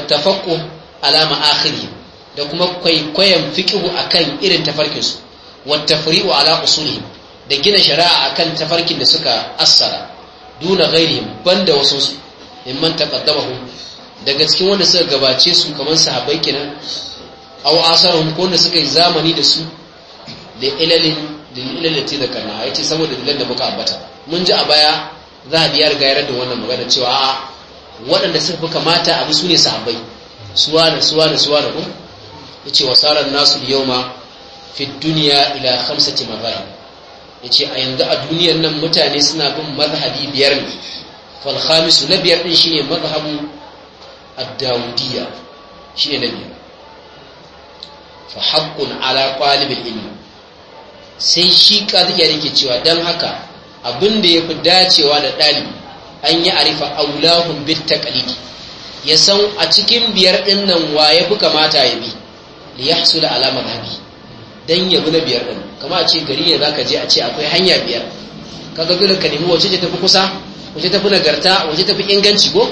ala ma'akhiri da kuma kwaikwayon fiqhu akan irin tafarkin su wa tafri'u ala usulihim da gina shari'a akan tafarkin da suka assara duna ghairihim banda wasu su in mimman taqaddamahum daga cikin wanda suka gabace su kamar sahabbai kenan aw asarhum ko wanda suka yi zamani da su da ilalin da ilalati da kana yace saboda dalilan da muka ambata mun ji a baya za a biyar gayar da wannan magana cewa a waɗanda suka fi kamata abu su ne sahabbai suwa da suwa da suwa da ku yace wasaran nasu yawma fi dunya ila khamsati mazalim ya ce a yanzu a duniyar nan mutane suna bin mazhabi biyar ne falhamisu na biyar ɗin shine mazhabu addawudiyya shine na biyar fa haƙƙun ilmi sai shi ƙarfiya yake cewa don haka abin da ya fi dacewa da ɗalibi an yi arifa aulahun bit taqlidi ya san a cikin biyar ɗin nan wa ya fi kamata ya bi li yahsula ala Dan ya na biyar ɗin kama a ce gari ne za ka je a ce akwai hanya biyar kaga dole ka nemi wace ce tafi kusa wace tafi nagarta wace tafi inganci ko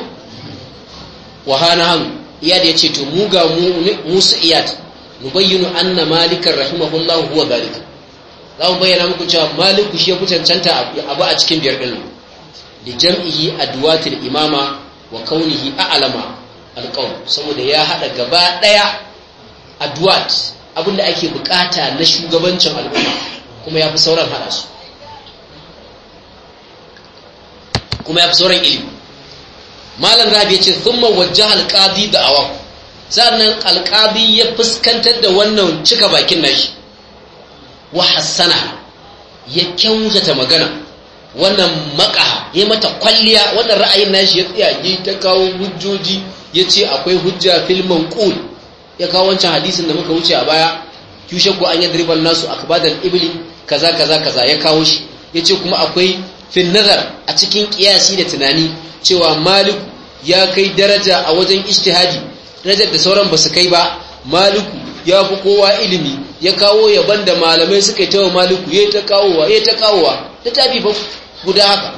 wahana hannu iyad ya ce to mu ga musu iyad an anna malikan rahimahullahu huwa zalika za mu bayyana muku cewa maliku shi ya fi cancanta abu a cikin biyar ɗin da jam'ihi adwatul imama wa kaunihi a'lama alqawl saboda ya hada gaba daya adwat abin da ake bukata na shugabancin al'umma kuma ya fi sauran haɗa su kuma ya fi sauran ilimi malam rabi ya ce thumma wajja alƙadi da awam sannan alƙadi ya fuskantar da wannan cika bakin nashi wa hassana ya kyautata magana wannan maka ya mata kwalliya wannan ra'ayin nashi ya tsaya ta kawo hujjoji ya ce akwai hujja filmin ƙuli. ya kawo wancan hadisin da muka wuce a baya yushe ko an yi driban nasu a akbadal ibli kaza kaza kaza ya kawo shi Ya ce kuma akwai fin nazar a cikin kiyasi da tunani cewa maliku ya kai daraja a wajen ishtihadi darajar da sauran ba su kai ba maliku ya fi kowa ilimi ya kawo yaban da malamai suka yi ta maliku ya ta kawowa ya ta kawowa ta tafi ba guda haka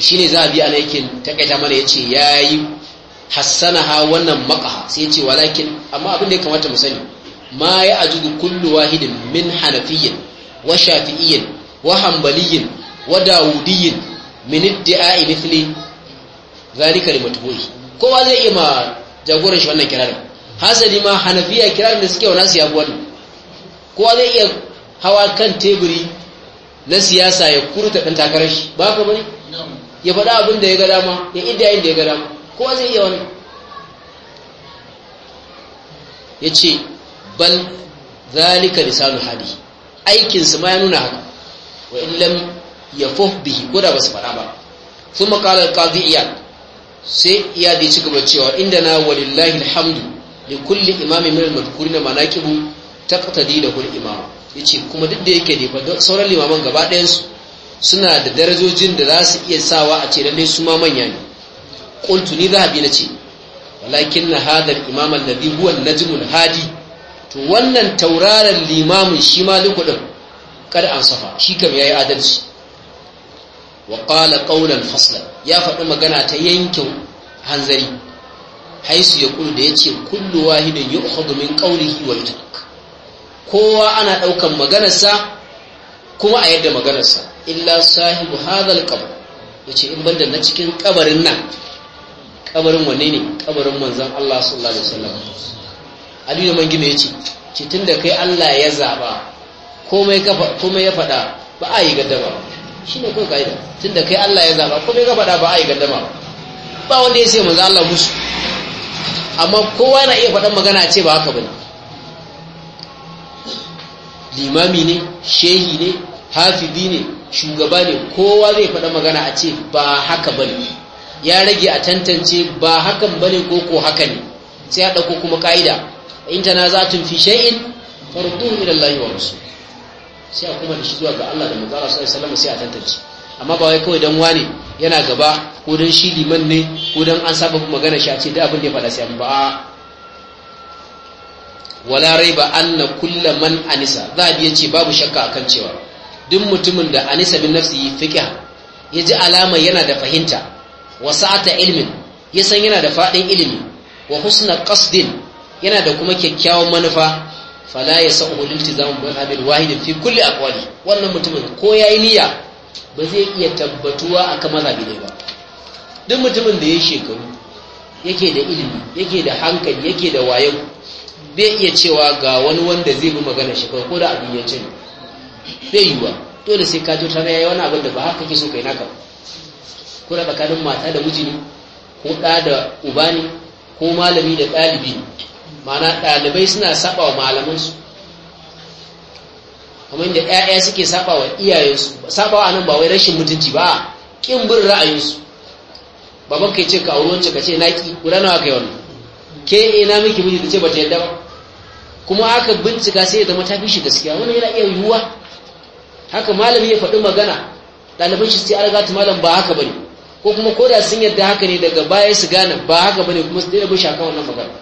shi ne za a biya na yake takaita mana ya ce ya yi hassanaha wannan maqaha sai ce walakin amma abin da ya kamata mu sani ma ya ajudu kullu wahidin min hanafiyyin wa shafi'iyyin wa hanbaliyyin wa dawudiyyin min idda'i mithli zalika matbu'i kowa zai iya ma jagoran shi wannan kirarin hasali ma hanafiya kirarin da suke wa nasu ya wannan kowa zai iya hawa kan teburi na siyasa ya kurta dan takarar shi ba ka bane ya faɗa abin da ya ga dama ya idda inda ya ga dama ko zai iya wani, ya ce bal zalika lisanu hali aikinsu ma ya nuna haka wa lam ya bihi ko da ba su faɗa ba sun makalar kazi iya sai da ya ci gaba cewa inda na walillahi alhamdu da kulli imami min al-madhkuri na manaqibu taqtadi da kulli imama yace kuma duk da yake ne sauran limaman gaba ɗayan suna da darajojin da za su iya sawa a ce lalle su ma manya ne qultu ni zahabi nace walakin na hadal imam alladhi huwa najmul hadi to wannan tauraron limamin shi maliku din kada an safa shi kam yayi adalci wa qala qawlan ya faɗi magana ta yankin hanzari haisu ya kulu da yace kullu wahidin yu'khadhu min qawlihi wa yutrak kowa ana ɗaukan maganarsa kuma a yadda maganarsa illa sahibu hadal qabr yace in banda na cikin kabarin nan kabarin wanne ne kabarin manzon Allah sallallahu alaihi wasallam Aliyu man gime yace ce tunda kai Allah ya zaba komai ka komai ya fada ba a yi gaddama shine kai kaida tunda kai Allah ya zaba komai ka fada ba a yi gaddama ba wanda ya ce manzo Allah musu amma kowa na iya faɗan magana ce ba haka bane limami ne shehi ne hafidi ne shugaba ne kowa zai faɗa magana a ce ba haka bane ya rage a tantance ba hakan bane ko ko haka ne sai ya dauko kuma kaida in tanaza'tum fi shay'in farudduhu ila Allah wa rasul sai a kuma da shi zuwa ga Allah da manzo sallallahu alaihi wasallam sai a tantance amma ba wai kawai dan wani yana gaba ko dan shi liman ne ko dan an saba magana shi a ce da abin da ya faɗa sai an ba wala raiba anna kulla man anisa zabi yace babu shakka akan cewa duk mutumin da anisa bin nafsihi fiqh yaji alama yana da fahimta wa sa'ata ilmin ya san yana da fadin ilimi wa husna qasdin yana da kuma kyakkyawan manufa fala yasahu liltizamu bil habil wahid fi kulli aqwali wannan mutumin ko yayi niyya ba zai iya tabbatuwa akan mazhabi ne ba duk mutumin da ya shekaru yake da ilimi yake da hankali yake da wayo bai iya cewa ga wani wanda zai bi magana shi ko da abin ya ce bai yiwa dole sai ka ji tare yayi wani abin da ba haka kake so kai naka ba kuna tsakanin mata da miji ne ko ɗa da uba ne ko malami da ɗalibi ma'ana ɗalibai suna saba wa malamansu kamar da ‘ya'ya suke saba wa iyayensu saba wa nan ba wai rashin mutunci ba ƙin bin ra'ayinsu baban kai ce ka auri wancan ka ce naki guda nawa kai wannan ke ina eh, miki miji da ce ba ta yadda ba kuma aka bincika sai ya zama ta fi shi gaskiya wannan yana iya yiwuwa haka malami ya faɗi magana ɗaliban shi sai an malam ba haka bane ko kuma ko da sun yadda haka ne daga baya su gane ba haka bane kuma su daina bushe akan wannan magana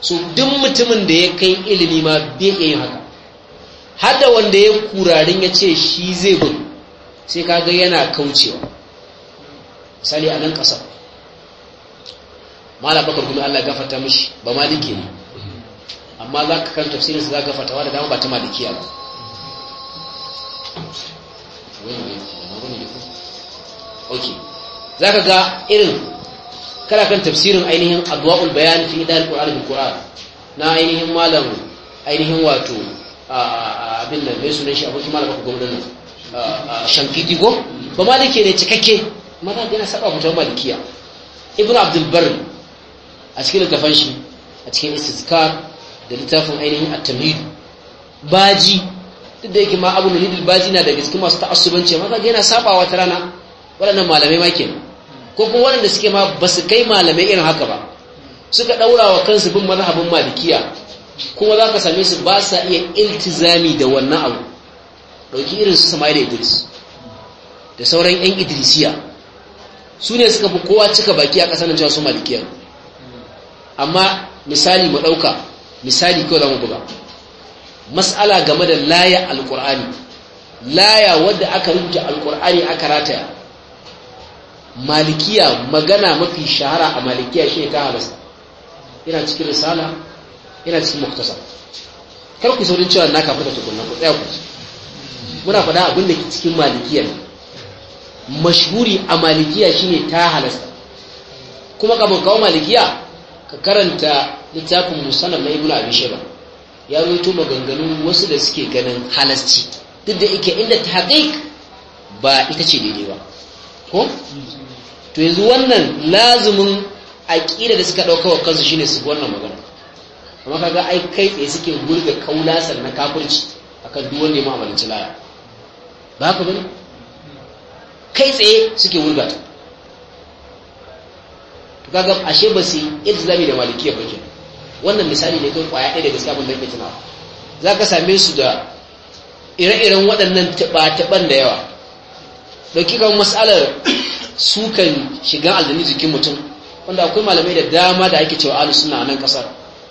so duk mutumin da ya kai ilimi ma bai iya yin haka har da wanda ya kurarin ya ce shi zai gudu sai kaga yana kaucewa misali a nan ƙasa mala bakar kuma Allah gafarta mishi ba maliki ne amma za ka kan su za gafartawa da dama ba ta malikiya ba Okay. za ka ga irin kana kan tafsirin ainihin adwa'ul bayan fi idan qur'an da ƙura na ainihin malam ainihin wato abin da mai sunan shi abokin malam ko gwamnan nan shankidi go ba malike ne cikakke maza yana saba mutum malikiya Ibn abdul a cikin littafin shi a cikin istiskar da littafin ainihin at baji duk da yake ma abu nulidul baji na daga cikin masu ta'asubance mata yana saba wata rana waɗannan malamai ma ko kuma waɗanda suke ma ba su kai malamai irin haka ba suka ɗaura wa kansu bin mazhabin malikiya kuma za ka same su ba sa iya iltizami da wannan abu ɗauki irin su sama'ila idris da sauran 'yan idrisiya su ne suka fi kowa cika baki a ƙasar cewa su malikiya amma misali mu ɗauka misali kawai za mu buga mas'ala game da laya alƙur'ani laya wadda aka rubuta alƙur'ani aka rataya malikiya magana mafi shahara a malikiya shi ta halasta yana cikin risala yana cikin muktasa kar ku saurin cewa na kafa da tukunna ku tsaya ku muna faɗa abin da ke cikin malikiya ne mashhuri a malikiya shine ta halasta kuma kamar kawo malikiya ka karanta littafin mai na ibnu abi shayba ya rawaito maganganun wasu da suke ganin halasci duk da ike inda ta haɗe ba ita ce daidai ba ko to yanzu wannan lazumin aƙida da suka ɗaukawa wa kansu shine su wannan magana amma kaga ai kai tsaye suke gurga kaulasar na kafirci akan duk wanda ya mu'amalanci laya ba ku bane kai tsaye suke wurga ta to kaga ashe ba su ilzami da malikiya ba ke wannan misali ne kai kwaya ɗaya daga sabon abin da tunawa za ka same su da ire-iren waɗannan taɓa-taɓan da yawa ɗauki kan masalar. sukan shiga aljanu jikin mutum wanda akwai malamai da dama da ake cewa alu suna a nan kasar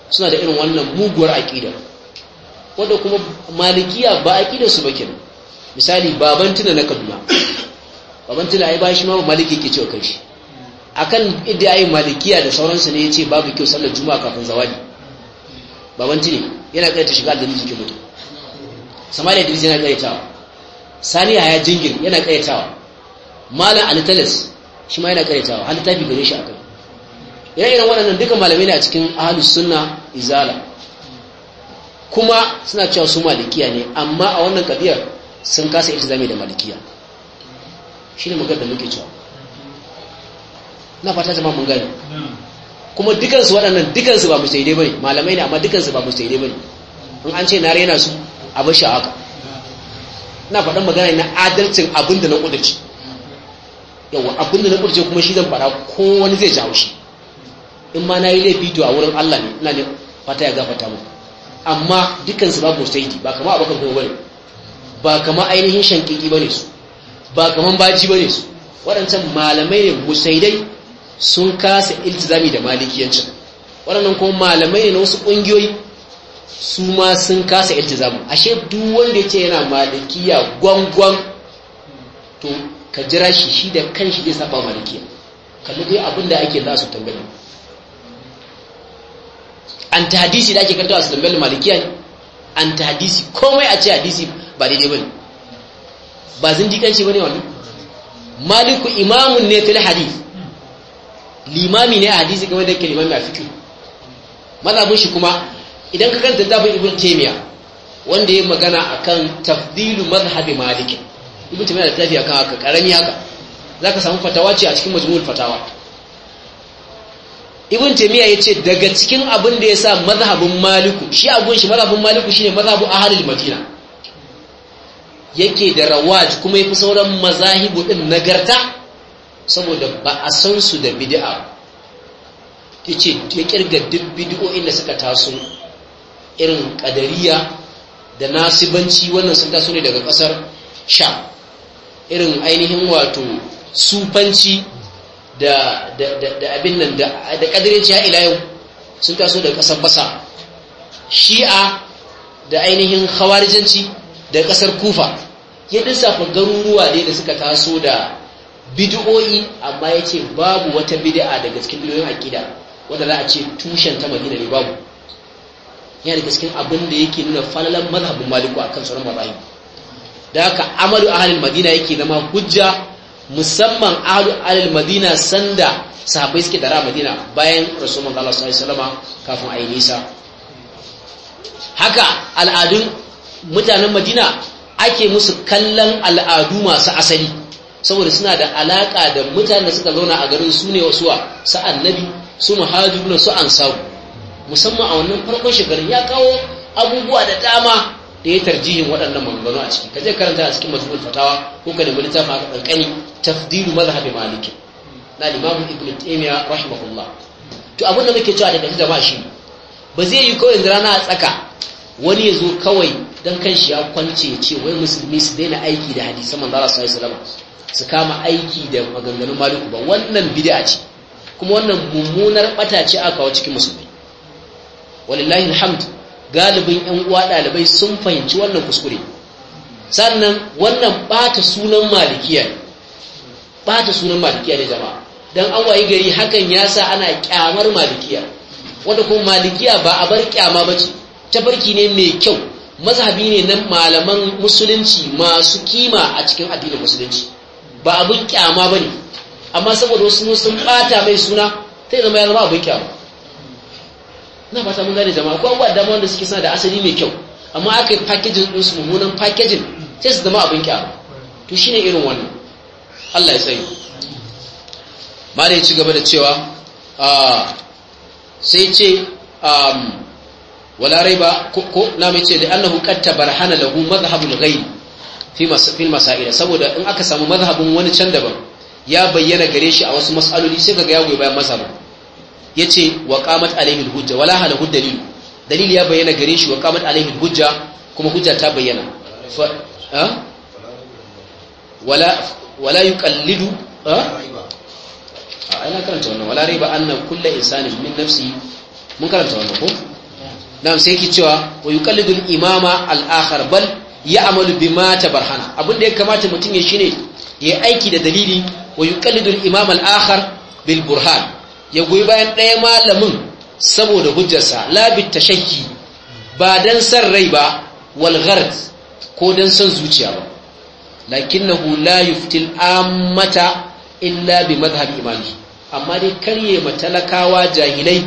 suna da irin wannan muguwar aƙida wanda kuma malikiya ba aƙidar su ba misali baban tuna na Kaduna baban tuna ai ba shi ma maliki yake cewa kanshi akan ai malikiya da sauransu ne yace babu kyau sallar juma'a kafin zawadi baban tuna yana ta shiga aljanu jikin mutum samaliya idris yana ta saniya ya jingir yana ta malam alitalis shi ma yana karitawa hannu tafi gare shi a kai yana irin waɗannan duka malamai ne a cikin ahalus suna izala kuma suna cewa su malikiya ne amma a wannan kabiyar sun kasa zame da malikiya shi ne magar da muke cewa na fata jama'a mun gani kuma dukansu waɗannan dukansu ba ba bane malamai ne amma dukansu ba ba bane in an ce na rena su a bashi haka na faɗin magana na adalcin abin da na ƙudurci yawa abinda na ƙurje kuma shi zan fara ko wani zai jawo shi in ma na yi laifi to a wurin Allah ne ina ne fata ya gafata mu amma dukkan su babu saidi ba kama abokan kuma bane ba kama ainihin shankiki bane su ba kaman baji bane su waɗancan malamai ne musaidai sun kasa iltizami da malikiyancin waɗannan kuma malamai ne na wasu ƙungiyoyi su ma sun kasa iltizami ashe duk wanda ya ce yana malikiya gwangwan to ka jira shi shi da kanshi zai saba malikiya kalli dai abin da ake za su tambaye an ta hadisi da ake kartawa su tambayi malikiya ne an ta hadisi komai a ce hadisi ba daidai ne ba ji zindikanci bane wani maliku imamun ne fil hadith limami ne a hadisi game da limami a fiqh mazabin shi kuma idan ka kanta zabin ibn taymiya wanda ya magana akan tafdilu mazhabi maliki ibn taymiya da tafiya kan haka karami haka zaka samu fatawa ce a cikin majmu'ul fatawa ibn ya yace daga cikin abin da yasa mazhabin maliku shi abun shi mazhabin maliku shine mazhabu ahlul madina yake da rawaj kuma ya fi sauran mazahibu din nagarta saboda ba a san su da bid'a yace ya kirga duk bid'o'in da suka taso irin kadariya da nasibanci wannan sun taso ne daga kasar sha irin ainihin wato sufanci da abin nan da kadirci ya ila yau sun taso da ƙasar basa shi'a da ainihin hawarijanci da ƙasar kufa ya lissafa garuruwa ne da suka taso da bid'o'i amma ya ce babu wata bid'a daga cikin bid'o'in aƙida wanda za a ce tushen ta madina ne babu yana da cikin abin da yake nuna falalan mazhabin maliku akan sauran mazhabi da haka amalu ahalil madina yake zama hujja musamman ahalil madina sanda sahabai suke dara madina bayan rasulun Allah Salama kafin a yi nisa haka al'adun mutanen madina ake musu kallon al'adu masu asali saboda suna da alaka da mutanen da suka zauna a garin su ne wasu wa su annabi su muhajiru su ansabu musamman a wannan farkon shekarun ya kawo abubuwa da dama da ya tarjihin waɗannan maganganu a ciki kaje karanta a cikin majmu'ul fatawa ko ka nemi littafin a kankani tafdilu mazhabi maliki na imam ibn taymiya rahimahullah to abin da muke cewa da dalil jama'a shi ba zai yi kawai rana a tsaka wani ya zo kawai dan kanshi ya kwance ya ce wai musulmi su daina aiki da hadisan manzo Allah sallallahu alaihi wasallam su kama aiki da maganganun maliku ba wannan bid'a ce kuma wannan mummunar bata ce aka wa cikin musulmi walillahi alhamdulillah galibin yan uwa ɗalibai sun fahimci wannan kuskure sannan wannan ɓata sunan malikiya ne ɓata sunan malikiya ne jama'a dan an waye gari hakan ya sa ana kyamar malikiya wanda kuma malikiya ba a bar kyama ba ce barki ne mai kyau mazhabi ne na malaman musulunci masu kima a cikin addinin musulunci ba abin kyama ba ne amma saboda wasu sun bata mai suna sai zama ya zama abin kyama ina fata mun gane jama'a ko abubuwa dama wanda suke suna da asali mai kyau amma aka yi packaging din su mummunan packaging sai su zama abin kyara to shine irin wannan Allah ya sani ma da ya ci gaba da cewa ah, sai ce wala raiba ko na mai ce da annahu katta barhana lahu mazhabul ghaib fi masafil masaila saboda in aka samu mazhabin wani can daban ya bayyana gare shi a wasu mas'aloli sai kaga ya goyi bayan mazhabin yace wa qamat alaihi hujja wala hala dalil dalil ya bayyana gare shi wa qamat alaihi hujja kuma hujja ta bayyana fa wala wala a ana karanta wannan wala riba anna kullu insanin min nafsi mun karanta wannan ko na'am sai yake cewa wa yuqallidul imama al-akhar bal ya'malu bima tabarhana da ya kamata mutum ya shine ya aiki da dalili wa yuqallidul imam al-akhar bil burhan ya goyi bayan ɗaya malamin saboda hujjarsa labit tashakki ba dan san rai ba wal ko dan san zuciya ba lakinnahu la yuftil ammata illa bi madhhab imami amma dai karye matalakawa jahilai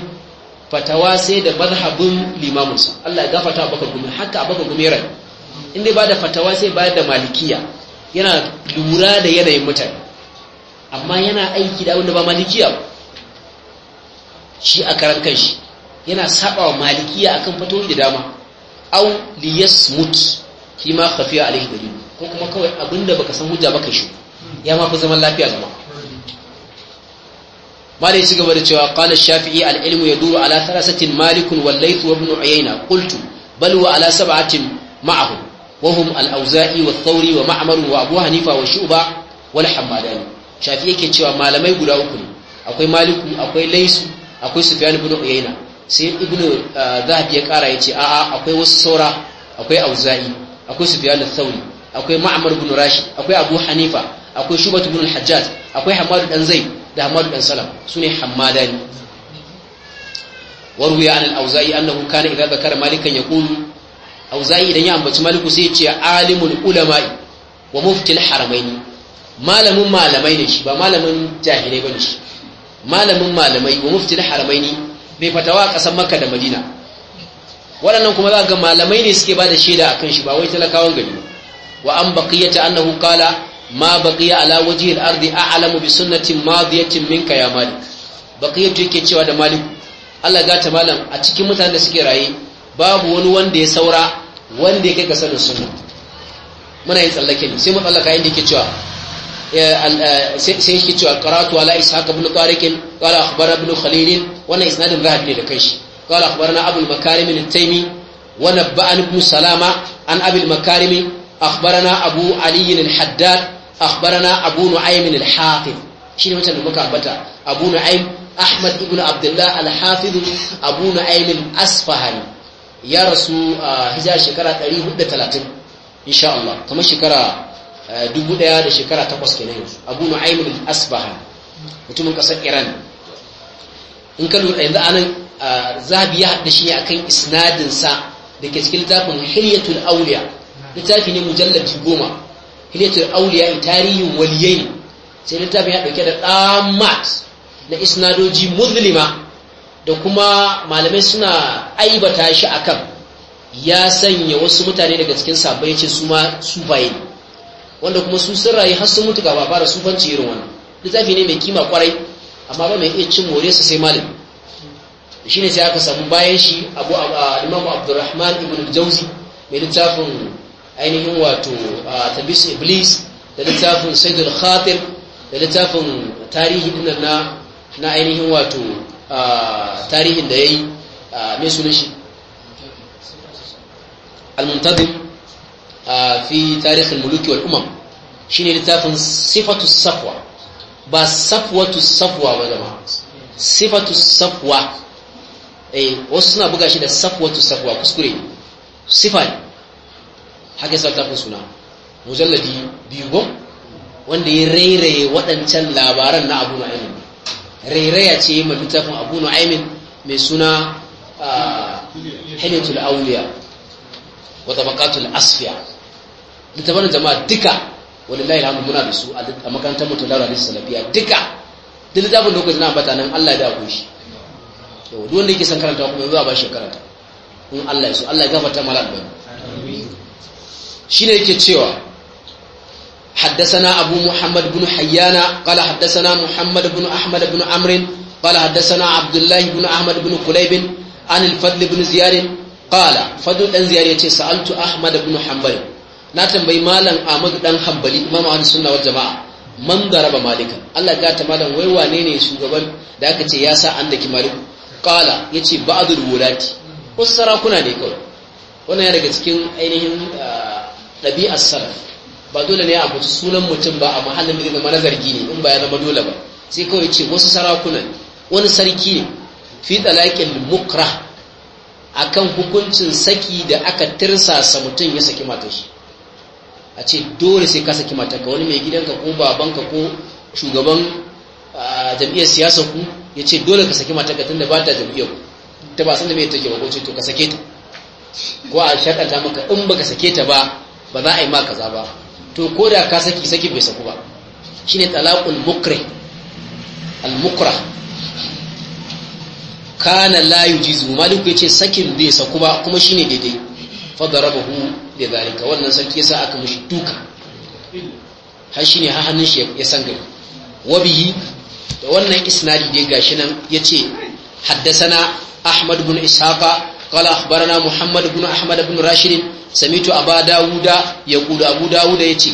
fatawa sai da mazhabin limaminsa Allah ya gafarta baka gumi haka baka gumi rai inda ba da fatawa sai ba da malikiya yana lura da yanayin mutane amma yana aiki da abin da ba malikiya ba shi a karan kanshi yana saba wa malikiya akan fatoyi da dama au li yasmut fi ma khafiya alaihi dalil ko kuma kawai abinda baka san hujja baka shi ya ma fi zaman lafiya zama malai shi gaba da cewa qala shafi'i al-ilmu yaduru ala thalathatin malik wal layth wa ibn uyayna qultu bal wa ala sab'atin ma'ahu wa hum al-awza'i wa thawri wa ma'mar wa abu hanifa wa shu'ba wal hammadani shafi'i yake cewa malamai guda uku ne akwai maliku akwai laysu akwai sufyan ibn uyayna sai ibn uh, zahabi ya kara yace a'a akwai wasu saura akwai auza'i akwai sufyan al-thawri akwai ma'mar ibn rashid akwai abu hanifa akwai shubat ibn al-hajjaj akwai hamad dan zai da hamad dan salam sune hamadani warwiya an al-auza'i annahu kana idza zakara malikan yaqulu auza'i idan ya ambaci maliku sai ya ce alimul ulama'i wa muftil haramaini malamin malamai ne shi ba malamin jahilai bane shi malamin malamai wa mufti haramaini mai fatawa a ƙasar makka da madina waɗannan kuma za ga malamai ne suke ba da shaida a kan shi ba wai talakawan gari wa an baqiyata annahu kala ma baqiya ala wajhi al a a'lamu bi sunnatin madiyatin minka ya malik ya yake cewa da malik Allah gata malam a cikin mutanen da suke raye babu wani wanda ya saura wanda ya kai ga sanin sunna muna yin tsallake ne sai mu tsallaka inda yake cewa sai shi cewa qara'atu ala ishaq ibn tariq qala akhbara ibn khalil wannan isnadin rahabi ne da kanshi qala akhbarana abul makarim al-taymi wa nabba'an ibn salama an abul makarim akhbarana abu ali al-haddad akhbarana abu nu'aym al-hafiz shine mutan da muka ambata abu nu'aym ahmad ibn abdullah al-hafiz abu nu'aym al-asfahani ya rasu hijira shekara 430 insha Allah kamar shekara Eh, dubu ɗaya da shekara takwas kenan yanzu abu nu'aym al-asbahan mutumin ƙasar iran in ka lura yanzu anan zabi ya haɗa shi ne akan isnadin sa da ke cikin littafin hilyatul auliya littafi ne mujallad goma hilyatul auliya tarihin waliyai sai littafin ya ɗauke da ɗamat na isnadoji muzlima da kuma malamai suna aibata shi akan ya sanya wasu mutane daga cikin sabbai ce su ma su wanda kuma su sun rayu har sun mutu ga baba fara sufanci irin wannan littafi ne mai kima kwarai amma ba mai iya cin more su sai malami shi ne sai aka samu bayan shi abu imamu abdurrahman ibn jauzi mai littafin ainihin wato tabis iblis da littafin saidul khatir da littafin tarihi din na na ainihin wato tarihin da yayi mai sunan shi al-muntadim fi tarihin muluki wal umam shine littafin sifatu safwa ba safwatu safwa ba zama sifatu safwa eh wasu suna buga shi da safwatu safwa kuskure sifa ne haka sa littafin suna mujalladi biyu ko wanda ya rairaye waɗancan labaran na abu nu'aymin rairaya ce ma littafin abu nu'aymin mai suna hanyar tulawuliya wata bakatul asfiya littafin jama'a duka wallahi alhamdu muna da su a makarantar mutum da hadisi salafiya duka duk littafin da kuka zina bata nan Allah ya da shi to duk wanda yake san karanta kuma yanzu a ba shi karanta in Allah ya so Allah ya gafarta mala albani shine yake cewa na tambayi malam Ahmad dan Hanbali imamu ahlus sunna wal jamaa man daraba malikan Allah ya ta malam wai wane ne shugaban da aka ce ya an daki maliku qala yace ba'dul wulati wasu sarakuna ne kawai wannan ya daga cikin ainihin ah, ɗabi'ar salaf ba dole ne a mutu sunan mutum ba a mahallin da zama na ne in ba ya zama dole ba sai kawai yace wasu sarakuna wani sarki ne fi talaƙin mukrah akan hukuncin saki da aka tirsasa mutum ya saki matar shi a ce dole sai ka saki matarka wani mai gidanka ko babanka ko shugaban jam'iyyar siyasa ku ya ce dole ka saki matarka tun da ba ta jam'iyyar ku ta ba san da mai take ba ko ce to ka sake ta ko a shakanta maka in baka sake ta ba ba za a yi ma kaza ba to ko da ka saki saki bai saku ba shine talaqul mukre al-mukra kana la yujizu maliku yace sakin bai saku ba kuma shine daidai fadarabahu bai bari ka wannan sarki yasa aka mishi duka har shine har hannun shi ya san gari wabihi da wannan isnadi dai gashi nan yace haddathana ahmad ibn ishaqa qala akhbarana muhammad ibn ahmad ibn rashid samitu aba dauda ya qulu abu dawuda yace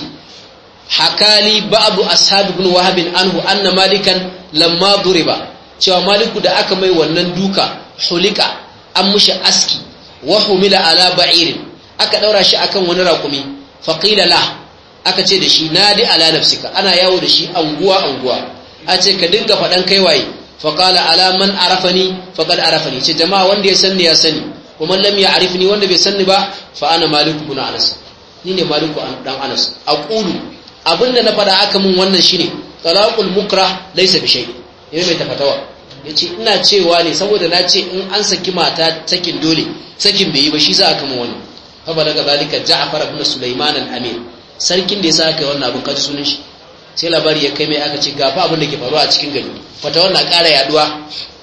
hakali babu ashab ibn wahab anhu anna malikan lamma duriba cewa maliku da aka mai wannan duka hulika an mushi aski wa humila ala ba'irin aka daura shi akan wani raƙumi faqila la aka ce da shi na nadi ala nafsika ana yawo da shi anguwa anguwa a ce ka dinga faɗan kai waye Faƙala. ala man arafani faqad arafani ce jama'a wanda ya sanni ya sani kuma lam ya arifni wanda bai sanni ba fa ana maliku bin anas ni ne maliku dan anas aqulu abinda na faɗa aka min wannan shine talaqul mukrah laysa bi shay yayin mai tafatawa yace ina cewa ne saboda na ce in an saki mata sakin dole sakin bai yi ba shi za a kama wani fa balaga zalika ja'far ibn sulaiman al-amin sarkin da yasa kai yi wannan abin kaji sunan shi sai labari ya kai mai aka ce gafa abin da ke faruwa a cikin gari fata wannan ƙara yaduwa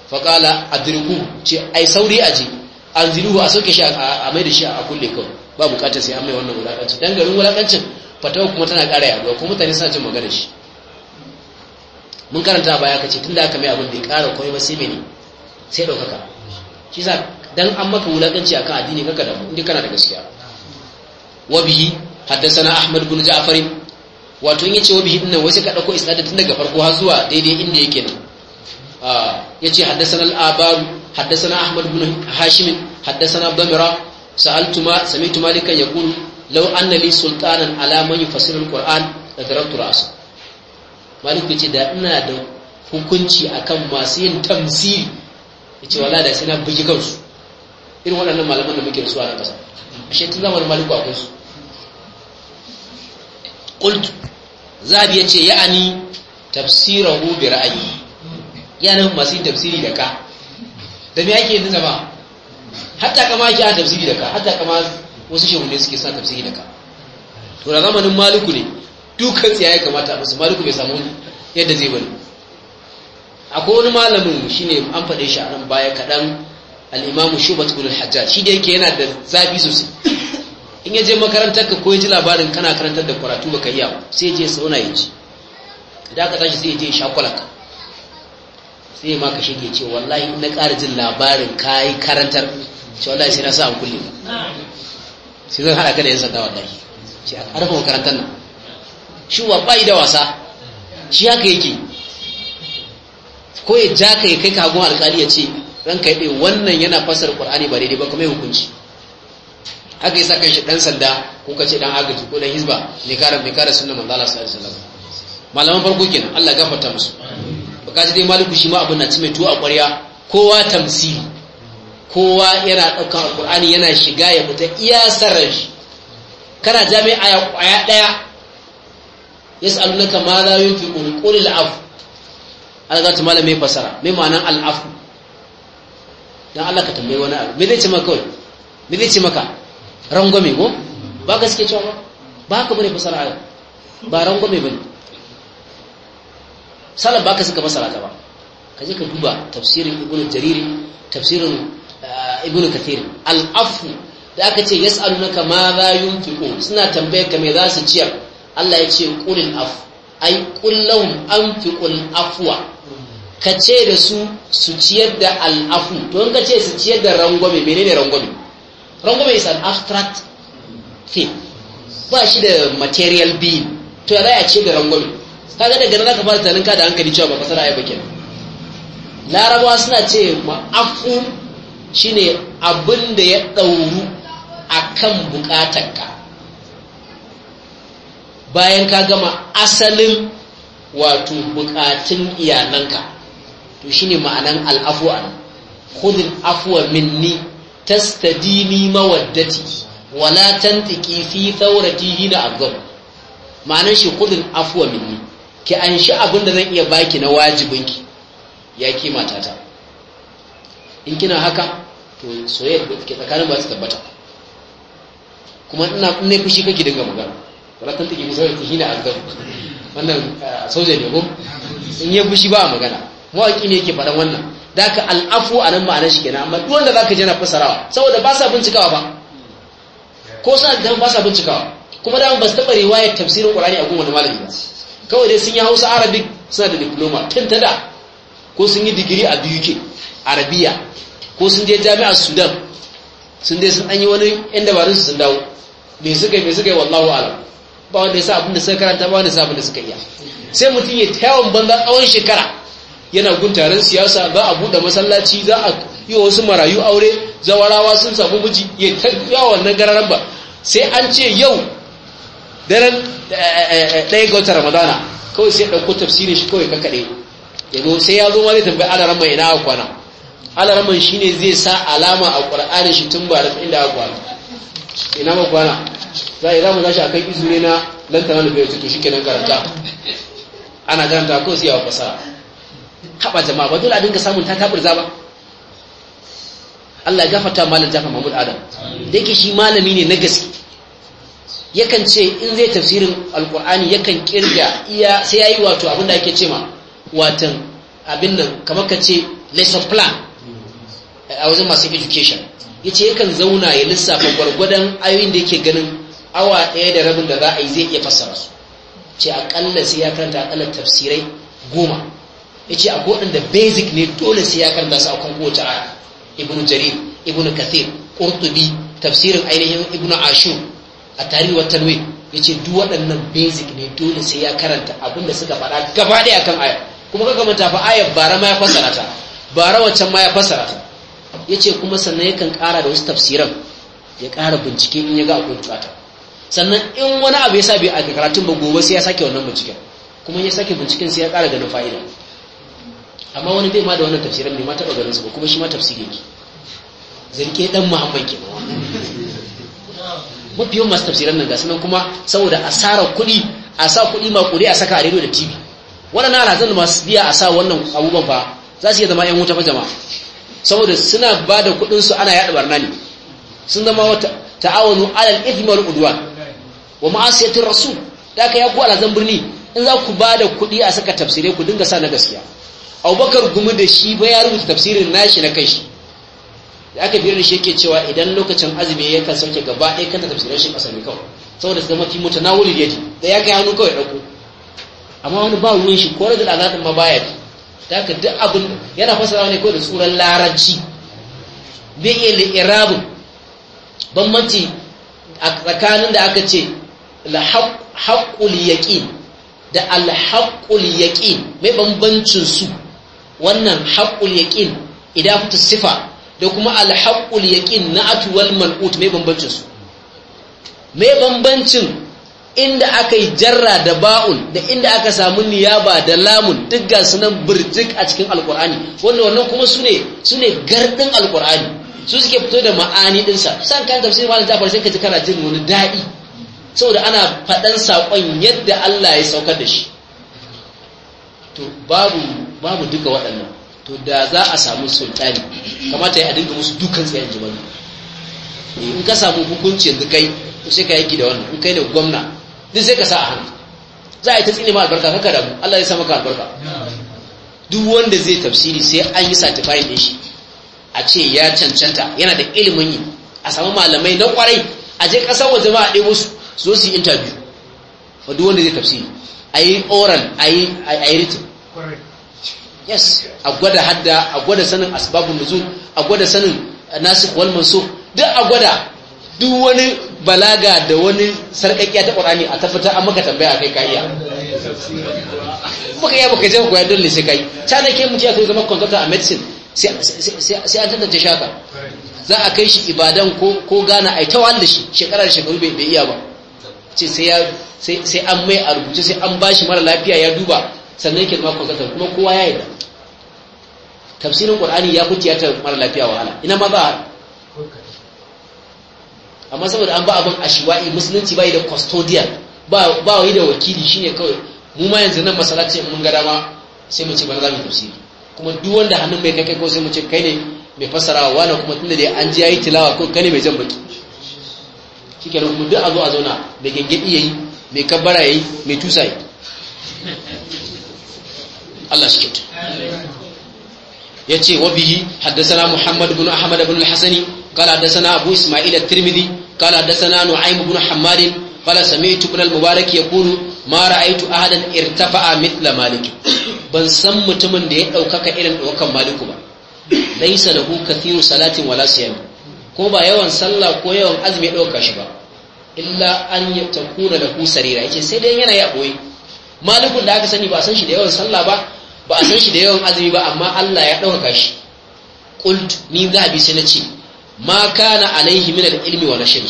fa qala adriku ce ai sauri aje anziluhu a soke shi a mai da shi a kulle kawai ba bukatar sai an mai wannan wulakanci dan garin wulakancin fatawa kuma tana ƙara yaduwa kuma mutane suna jin magana shi mun karanta baya ka ce tun da aka mai abin ya ƙara komai ba sai mene sai ɗaukaka shi sa dan an maka wulakanci akan addini kaka da inda kana da gaskiya wa haddasana ahmad bin ja'far wato in yace wa bihi dinnan wai sai ka dauko isnadin tun daga farko har zuwa daidai inda yake nan ah, yace haddathana al-abar haddathana ahmad bin hashim haddathana damira sa'altu ma sami'tu malikan yaqulu law anna li sultanan ala man yufassiru al-qur'an la taraktu ra'sa malik yace da ina da hukunci akan masu yin tamsiri yace wallahi da sai na bugi kansu irin waɗannan malaman da muke da su a ƙasa ashe tun zamanin maliku akwai kansu. qultu zabi yace ya'ani tafsirahu bi ra'ayi yana masu tafsiri da ka da me yake yanzu jama'a hatta kama yake a tafsiri da ka hatta kama wasu shehune suke sa tafsiri da ka to da zamanin maliku ne dukan tsiya ya kamata musu maliku bai samu yadda zai bari akwai wani malamin shine an faɗe shi a nan baya kaɗan al'imamu shubat ulul hajjaj shi da yake yana da zafi sosai in ya je makarantar ka ko ya ji labarin kana karantar da karatu baka yi sai je sauna ya ji idan ka tashi sai ya je ka sai ma ka shige ce wallahi na ƙara jin labarin yi karantar ce wallahi sai na sa an kulle sai zan haɗa ka da yan sanda wallahi shi a ƙarfa makarantar nan shi wa bayi da wasa shi haka yake ko ya ja ka kai ka hagun alƙali ya ce ranka yi ɗaya wannan yana fasar ƙwar'ani ba daidai ba kuma ya hukunci sa yasa shi dan sanda ko ka ce dan agaji ko dan hizba mai kare mai kare sunnar manzo Allah sallallahu alaihi wasallam malaman farko kenan Allah gafarta musu baka ji dai maliku shi ma abin na cime tuwa a ƙwarya kowa tamsili kowa yana ɗaukar alƙur'ani yana shiga ya fita iya sarar shi kana jami a ƙwaya ɗaya ya sa'alu na kama za yi fi ƙulƙulil afu ala za ta mala mai fasara mai ma'anan al'afu don Allah ka tambayi wani abu me zai ce maka me zai ce maka rangwame ko ba gaske cewa ba ba ka bane fasara aya ba rangwame ba ne salaf ba ka suka fasara ta ba ka je ka duba tafsirin ibnu jariri tafsirin eh, ibnu kathir al-afu da aka ce yas'alunaka ma za yunfiqun suna tambayar ka me za su ciyar Allah ya ce qulil afu ai fi anfiqul afwa ka ce da su su ciyar da al'afu to in ka ce su ciyar da rangwame menene rangwame rangwame mai san abstract thing ba shi da material being to ya raya ce ga rangwame kaga daga nan ka fara tunanin ka da hankali cewa ba ka sana ba kenan larabawa suna ce ma'afu shine abin da ya ɗauru a kan bukatarka bayan ka gama asalin wato bukatun iyalanka to shine ma'anan al'afuwa khudil afwa minni tastadimi mawaddati wala tantiki fi thawratihi da abdul ma'anar shi kudin afwa minni ki an shi abin da zan iya baki na wajibinki ya ki matata in kina haka to soyayya da ke tsakanin ba su tabbata kuma ina ne fushi kake dinga magana wala tantiki fi thawratihi da abdul wannan ah, soja ne ko in yi fushi ba magana mawaki ne yake faɗan wannan da ka al'afu a nan ma'anar shi gina amma duk wanda za ka je na fasarawa saboda ba sa bincikawa ba ko sa da ba sa bincikawa kuma da ba su taɓa riwayar tafsirin ƙur'ani a kowane malami ba kawai dai sun yi hausa arabic suna da diploma tun ta da ko sun yi digiri a uk arabiya ko sun je jami'ar sudan sun dai sun an yi wani yan dabarun su sun dawo me suka yi me suka yi wallahu alam ba wanda ya sa abin da suka karanta ba wanda ya sa abin da suka iya sai mutum ya ta yawan banza tsawon shekara yana gun taron siyasa za a buɗe masallaci za a yi wasu marayu aure zawarawa sun samu miji ya tafiya wannan gararan ba sai an ce yau daren eh, eh, eh, ɗaya ga wata ramadana kawai sai ɗauko tafsirin shi kawai kakaɗe yanzu sai ya zo ma zai tambayi alaran mai ina kwana alaran man shi ne zai sa alama a ƙwararren shi tun ba da inda aka kwana ina ma kwana za a yi zamu zashi a kan izure na lantana da bai tuto shi kenan karanta ana karanta kawai sai ya wa fasara haba jama'a ba dole a dinga samun ta taburza ba Allah ya gafarta malam Jafar Mahmud Adam da yake shi malami ne na gaske yakan ce in zai tafsirin alkur'ani yakan kirga iya sai yayi wato abin da ake ma, watan abin nan kamar ka ce lesson plan a wajen masu education yace yakan zauna ya lissafa gwargwadon ayoyin da yake ganin awa ɗaya da rabin da za a yi zai iya fassara su ce akalla sai ya karanta akalla tafsirai goma yace akwai waɗanda basic ne dole sai ya karanta su akan kowace aya ibnu jarir ibnu kathir qurtubi tafsirin ainihin ibnu ashur a tarihi wa tanwi yace duk waɗannan basic ne dole sai ya karanta abinda suka faɗa gaba ɗaya akan aya kuma kaga manta fa ayar bara ma ya fassara ta bara wancan ma ya fassara ta yace kuma sannan yakan ƙara da wasu tafsiran ya ƙara bincike in ya ga akwai bukata sannan in wani abu ya sa bai a karatun ba gobe sai ya sake wannan binciken kuma ya sake binciken sai ya ƙara ganin fa'ida amma wani zai ma da wannan tafsirin ne ma taɓa ganin su ba kuma shi ma tafsiri ne zarke dan muhammad ke ba mafi yawan masu tafsirin nan gasu nan kuma saboda asara kuɗi a sa kuɗi ma kuɗi a saka a rediyo da tv waɗannan alhazan masu biya a sa wannan abubuwan ba za su iya zama 'yan wuta ba jama'a saboda suna ba da kuɗinsu ana yaɗa barna ne sun zama wata ta'awanu alal ithmi wal udwan wa ma'asiyatir rasul da ka yaku ku alhazan birni in za ku ba da kuɗi a saka tafsirai ku dinga sa na gaskiya abubakar gumi da shi ba ya rubuta tafsirin nashi na kanshi da aka biyar da shi yake cewa idan lokacin azumi ya kan sauke gaba ɗaya kan tafsirin shi a kawai saboda su zama fi mutu na wuli yadi da ya kai hannu kawai ɗauko amma wani ba ruwan shi ko da ma baya fi da aka duk abin yana fasara ne kawai da tsoron larabci bai iya irabin bambanci a tsakanin da aka ce haƙƙul yaƙin da alhaƙul yaƙin mai bambancin su wannan yaƙin idan fita sifa da kuma al yaƙin na atuwal mal'ut mai bambancin su Mai bambancin inda aka yi jarra da ba'un da inda aka samu niyaba da lamun duk ga sunan birjik a cikin Alƙur'ani. wanda wannan kuma su ne su ne gardin alkur'ani su suke fito da ma'ani ɗinsa san kan tafsir malam Ja'far sai ka ji kana jin wani daɗi saboda ana faɗan saƙon yadda Allah ya saukar da shi to babu babu duka waɗannan to da za a samu sultani kamata ya dinga musu dukan tsayin jimali in ka samu hukunci yanzu kai sai ka yanki da wannan in kai ne gwamna duk sai ka sa a hannu za a yi ta tsini ma albarka kaka damu Allah ya sa maka albarka duk wanda zai tafsiri sai an yi satifayin din shi a ce ya cancanta yana da ilimin yi a samu malamai na kwarai a je kasar waje ma a ɗebo su zo su yi interview fa duk wanda zai tafsiri a yi oral a yi written yes a gwada hadda a gwada sanin asbabun nuzul a gwada sanin nasikh wal mansukh duk a gwada duk wani balaga da wani sarƙaƙiya ta ƙur'ani a tafata an maka tambaya kai ka iya baka iya baka je koyar dole sai kai ta ke mutiya kai zama consultant a medicine sai an tantance shaka za a kai shi ibadan ko ko gana ai tawal da shi shekara da shekaru bai iya ba sai an mai a rubuce sai an ba shi mara lafiya ya duba sannan ke zama consultant kuma kowa ya yi da tafsirin qur'ani ya ya tiyatar mara lafiya wahala ina ma ba amma saboda an ba abin shiwa'i musulunci yi da custodian ba wa yi da wakili shine kawai mu ma yanzu nan ce mun gada ma sai mu ce ba za mu tafsiri kuma duk wanda hannun mai kai ko sai mu ce kai ne mai wa wala kuma tunda dai an ji yi tilawa ko kai ne mai jan baki kenan kuma duk a zo a zauna da ya yi mai kabbara yi mai tusa yi. Allah shi kyauta ce wa bihi haddasana Muhammad bin Ahmad bin al-Hasani qala haddasana Abu Isma'il at-Tirmidhi qala haddathana Nu'aym ibn Hammad qala sami'tu ibn al-Mubarak yaqulu ma ra'aytu ahadan irtafa'a mithla Malik ban san mutumin da ya daukaka irin daukan Maliku ba laysa lahu kathiru salatin wala siyam ko ba yawan sallah ko yawan azumi ya dauka shi ba illa an takuna lahu sarira yace sai dai yana ya boye malikun da aka sani ba san shi da yawan sallah ba ba a san shi da yawan azumi ba amma Allah ya ɗaukaka shi qult ni zahabi sai na ce ma kana alaihi min al-ilmi wa nashri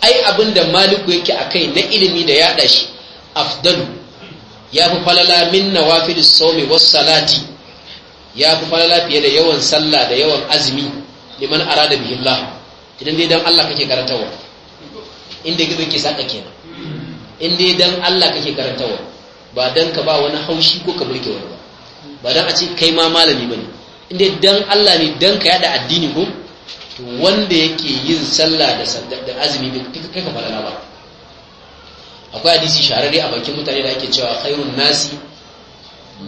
ai abinda maliku yake akai na ilimi da yaɗa shi afdalu ya fi falala min nawafil sawmi was salati ya fi falala fiye da yawan sallah da yawan azumi liman arada Allah idan dai dan Allah kake karantawa inda gizo ke saka kenan in dai dan Allah kake karantawa ba dan ka ba wani haushi ko ka burge wani ba ba don a ce kai ma malami ba ne inda dan Allah ne dan ka yada addini ko to wanda yake yin sallah da da azumi da kai ka falala ba akwai hadisi shahararre a bakin mutane da ake cewa khairun nasi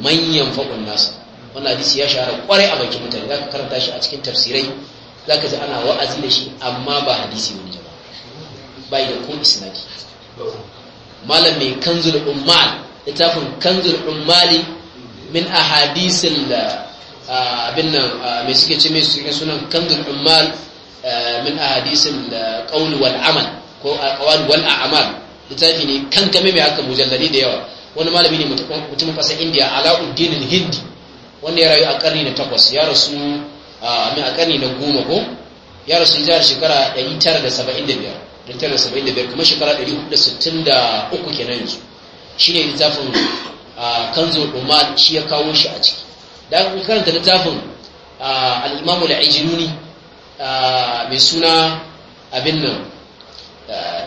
manyan faɗin nasu wannan hadisi ya shahara kwarai a bakin mutane za ka karanta shi a cikin tafsirai za ka ji ana wa'azi da shi amma ba hadisi wani jama ba da ko isnadi malam mai kanzul ummal littafin kanzul ummali min da uh, uh, abin nan uh, mai suke ce mai suke sunan kanzul ummal min ahadisil qawl wal amal ko aqwal wal a'mal littafi ne kankame mai haka mujallali da yawa wani malami ne mutumin ƙasar indiya ala'uddinin hindi wanda ya rayu a karni na takwas ya rasu a karni na goma ko ya rasu jihar shekara 975 kuma shekara 463 kenan yanzu shi ne littafin kanzo umar shi ya kawo shi a ciki da aka karanta littafin al-imam mai suna abin nan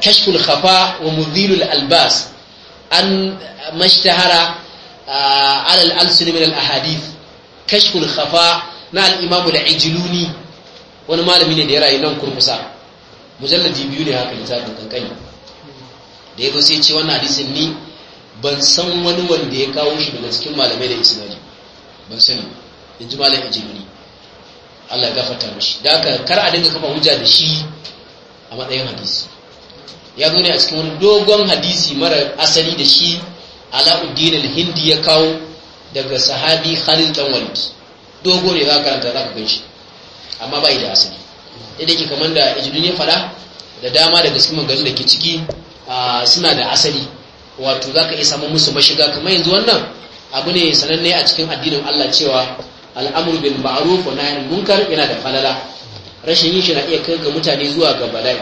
kashful khafa wa mudhilul albas an mashtahara ala al min al-ahadith khafa na al-imam wani malami ne da ya rayu nan kurkusa mujalladi biyu ne haka littafin kankani da ya zo sai ce wannan hadisin ni ban san wani wanda ya kawo shi daga cikin malamai da isnadi ban sani in ji malam ijiluni Allah ya gafarta mishi da haka kar a dinga kafa hujja da shi a matsayin hadisi ya zo ne a cikin wani dogon hadisi mara asali da shi Alauddin al-Hindi ya kawo daga sahabi Khalid dan Walid dogo ne za ka karanta za ka ganshi amma bai da asali idan ke kamar da ijiluni ya faɗa, da dama daga cikin maganganun da ke ciki ah, suna da asali wato zaka iya samun musu mashiga kamar yanzu wannan abu ne sananne a cikin addinin Allah cewa al'amur bil ma'aruf wa nahyul munkar yana da falala rashin yin shi na iya kai ga mutane zuwa ga bala'i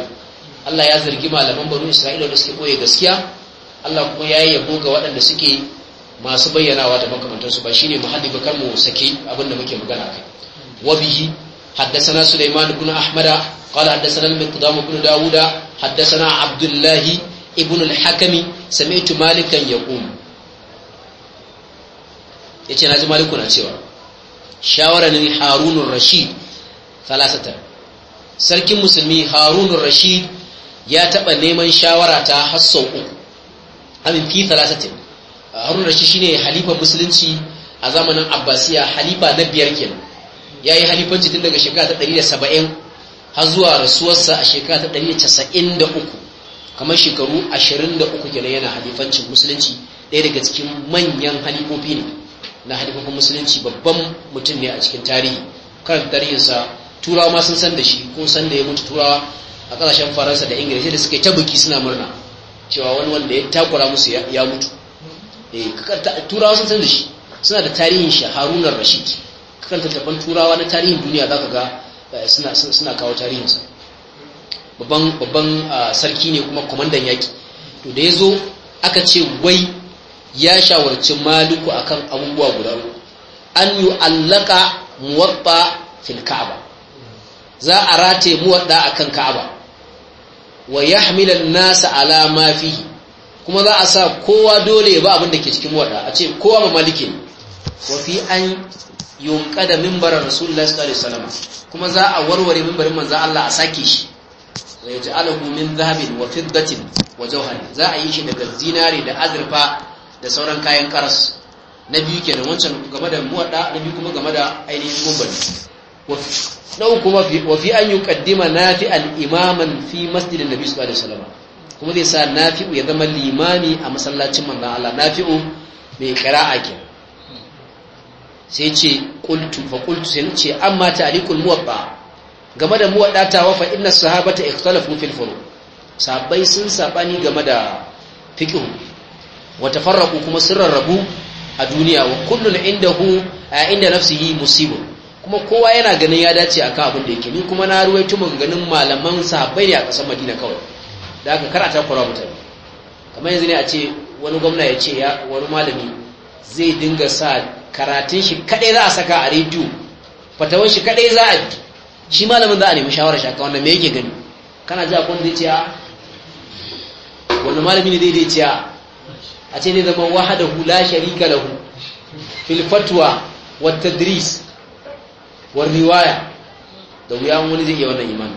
Allah ya zargi malaman banu Isra'ila da suke koye gaskiya Allah kuma ya yi yabo ga waɗanda suke masu bayyanawa da su ba shine muhalli ba mu sake abinda muke magana kai wa haddasana حدثنا سليمان بن أحمد قال حدثنا المقدام بن داود حدثنا عبد ibn al-hakami sami'tu malikan yaqum yace naji maliku na cewa harun ar rashid salasata sarkin musulmi ar rashid ya taba neman shawara ta hassan uku amin fi salasata uh, ar rashid shine halifa musulunci a zamanin abbasiya halifa na biyar kenan yayi halifanci tun daga shekara ta 170 har zuwa rasuwarsa a shekara ta 193 kamar shekaru 23 kenan yana halifancin musulunci ɗaya daga cikin manyan halifofi ne na halifofin musulunci babban mutum ne a cikin tarihi kan tarihinsa turawa ma sun san da shi kun san da ya mutu turawa a ƙasashen faransa da ingila da suka yi ta biki suna murna cewa wani wanda ya takura musu ya mutu eh, turawa sun san da shi suna da tarihin shi harunan rashid kakan tattaban turawa na tarihin duniya za ka ga eh, suna kawo tarihinsa babban sarki ne kuma kwamandan yaƙi to da ya zo aka ce wai ya shawarci maliku akan abubuwa guda an yi allaka muwatta fil ka'aba za a rataye muwaɗa akan ka'aba wa ya hamila nasa alama fi kuma za a sa kowa dole ya ba abin da ke cikin muwatta a ce kowa ba maliki ne wa an yunkada mimbaran rasulullah sallallahu alaihi wasallam kuma za a warware mimbarin manzo Allah a sake shi wa yaj'aluhu min dhahabin wa fiddatin wa jawhari za a yi shi daga zinare da azurfa da sauran kayan karas na biyu kenan wancan game da muwaɗa, na biyu kuma game da ainihin gumbani na uku wa fi an yuqaddima nafi'an imaman fi masjidin nabi sallallahu alaihi wasallam kuma zai sa nafi'u ya zama limami a masallacin manzon Allah nafi'u mai qira'a ke sai ce qultu fa qultu sai ce amma ta'liqul muwatta game da muwaɗatawa fa inna sahabata ikhtalafu fil furu sabai sun sabani game da fiqh wa tafarraqu kuma sun rabu a duniya wa kullun indahu a inda nafsihi musibun kuma kowa yana ganin ya dace akan abin da yake ni kuma na ruwaito mun ganin malaman sahabbai ne a ƙasar Madina kawai da aka karata kwara mutane kamar yanzu ne a ce wani gwamna ya ce ya wani malami zai dinga sa karatun shi kadai za a saka a rediyo fatawan shi kadai za a shi malamin za a nemi shawarar shaka wanda me yake gani kana ji akwai zai ciya ah, wanda malami ne zai ciya ah, a ce ne zama da la sharika da hu filfatuwa wata dris war riwaya da wuya wani zai iya wannan iman.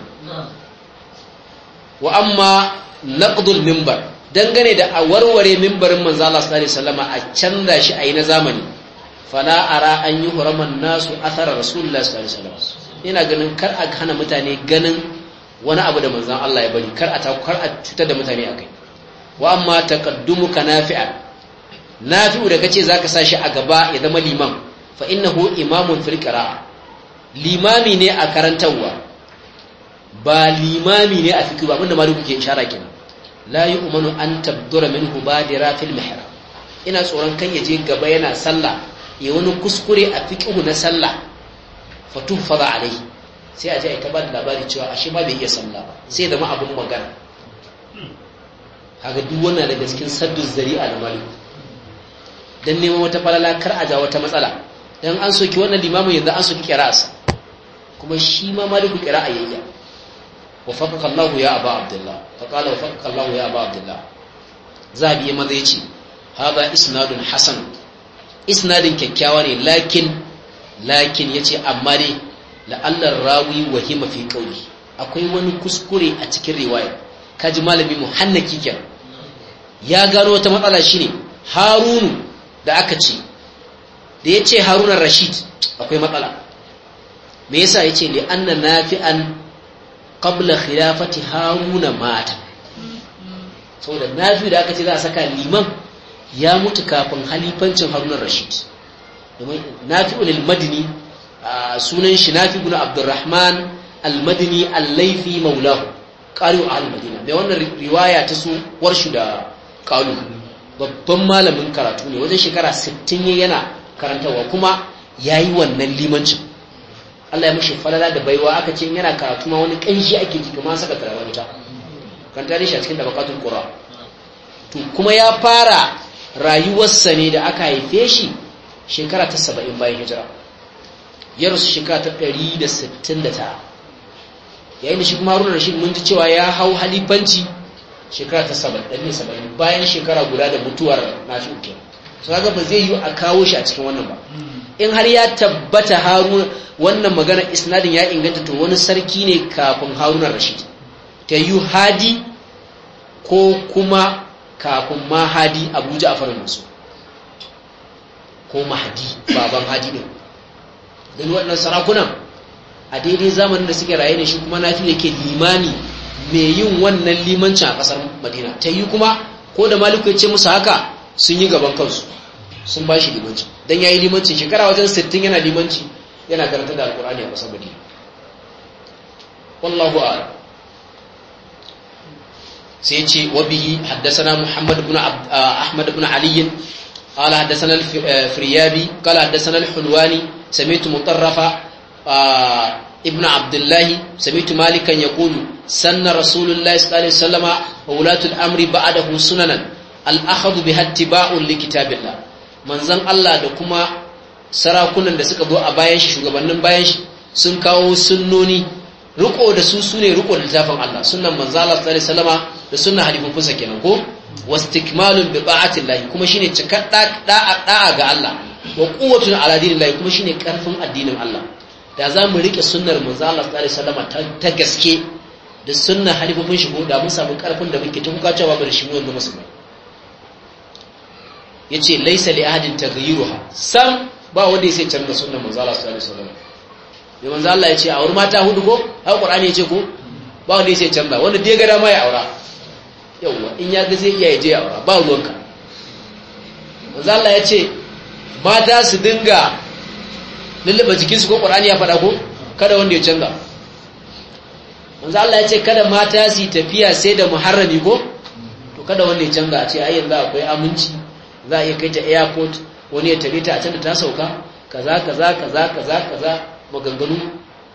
wa amma naqdul mimbar dangane da a warware mimbarin manzo Allah sallallahu alaihi a canza shi a yi na zamani fala ara an yi huraman nasu athara rasulullah sallallahu alaihi wasallam Ina ganin kar a hana mutane ganin wani abu da manzan Allah ya bari kar a kar a cutar da mutane a kai wa amma ka nafi'a nafi'u da kace zaka sa shi a gaba ya zama liman fa innahu imamun fil qira'a limami ne a karantarwa ba limami ne a fikiru ba abinda maliku ke shara kenan la yu'manu an tabdura minhu badira fil mihrab ina tsoron kan je gaba yana sallah ya wani kuskure a fikihu na sallah a alai sai a ji a ta ba da labari cewa ashe ma bai iya sallah ba sai zama abin magana kaga duk wannan daga cikin saddu zari'a da malik Don neman wata falala kar a ja wata matsala Don an soki wannan limamin yanzu an soki qira'arsa kuma shi ma maliku qira'a yayya wafaqaka Allahu ya Aba Abdullah faqala wafaqaka Allahu ya Aba Abdullah zabi ya maza yace hada isnadun hasan isnadin kyakkyawa ne lakin lakin ya ce amma dai la'allar rawi wahima fi kauri akwai wani kuskure a cikin riwaya kaji malami muhannaki kikiyar ya gano wata matsala shine harunu da aka ce da ya ce haruna rashid akwai matsala me yasa yace na fi kabla kabla khilafati haruna mata na fi da aka ce za a saka liman ya mutu kafin halifancin harunan rashid نافئ للمدني سنن شنافي sunan shi الرحمن المدني abdurrahman مولاه Allaifi اهل المدينه maulahu wannan riwaya ta su warshu da qalu babban malamin karatu ne wajen shekara 60 yana karantawa kuma yayi wannan limanci. Allah ya mishi falala da baiwa aka ce yana karatu ma wani kanshi ake ji kuma saka tarawa wuta kan tare shi a cikin tabaqatul qura to kuma ya fara rayuwarsa ne da aka haife shi shekara ta saba'in bayan hijira ya rasu shekara ta ɗari da sittin da ta. yayin da shi kuma haruna rashid mun ji cewa ya hau halifanci shekara ta saba'in bayan shekara guda da mutuwar nafi uke su haka ba zai yi a kawo shi a cikin wannan ba in har ya tabbata haruna wannan magana isnadin ya inganta to wani sarki ne kafin haruna rashid ta yi hadi ko kuma kafin ma hadi abuja a farin nasu ko mahadi baban hadi ne duk waɗannan sarakunan a daidai zamanin da suke raye ne shi kuma nafi da ke limani mai yin wannan limancin a ƙasar madina ta yi kuma ko da maliku ya ce musu haka sun yi gaban kansu sun ba shi limanci don ya yi limanci shekara wajen 60 yana limanci yana karanta da alƙur'ani a ƙasar madina wallahu a'lam sai ce wa bihi haddasa muhammad ibn ah, ahmad ibn قال حدثنا الفريابي قال حدثنا الحلواني سمعت مطرفة آه ابن عبد الله سمعت مالكا يقول سن رسول الله صلى الله عليه وسلم وولاة الأمر بعده سننا الأخذ بها اتباع لكتاب الله manzon Allah da kuma sarakunan da suka zo a bayan shi shugabannin bayan sun kawo sunoni, riko da su sune riko da littafin Allah sunnan manzo Allah sallallahu da sunnan halifin fusa kenan ko wastikmalun bi ta'atin lahi kuma shine cikar da'a da'a ga Allah wa quwwatun ala dinillahi kuma shine karfin addinin Allah da za mu rike sunnar manzo Allah sallallahu alaihi ta gaske da sunnar mun shigo, da mun samu karfin da muke ta kuka cewa da shi mu yanzu musulmi yace laysa li ahadin taghyiruha sam ba wanda ya canza sunnar manzo Allah sallallahu alaihi wasallam ne manzo Allah yace wurin mata hudu ko har Qur'ani yace ko ba wanda ya canza wanda dai ga dama ya aura yauwa in ya ga zai iya je aura ba ruwanka manzo Allah ya ce mata su dinga lullaba jikinsu ko Qur'ani ya faɗa ko kada wanda ya canza manzo Allah ya ce kada mata su tafiya sai da muharrami ko to kada wanda ya canza a ce ai yanzu akwai aminci za a iya kai ta airport wani ya tare ta a can da ta sauka kaza kaza kaza kaza kaza maganganu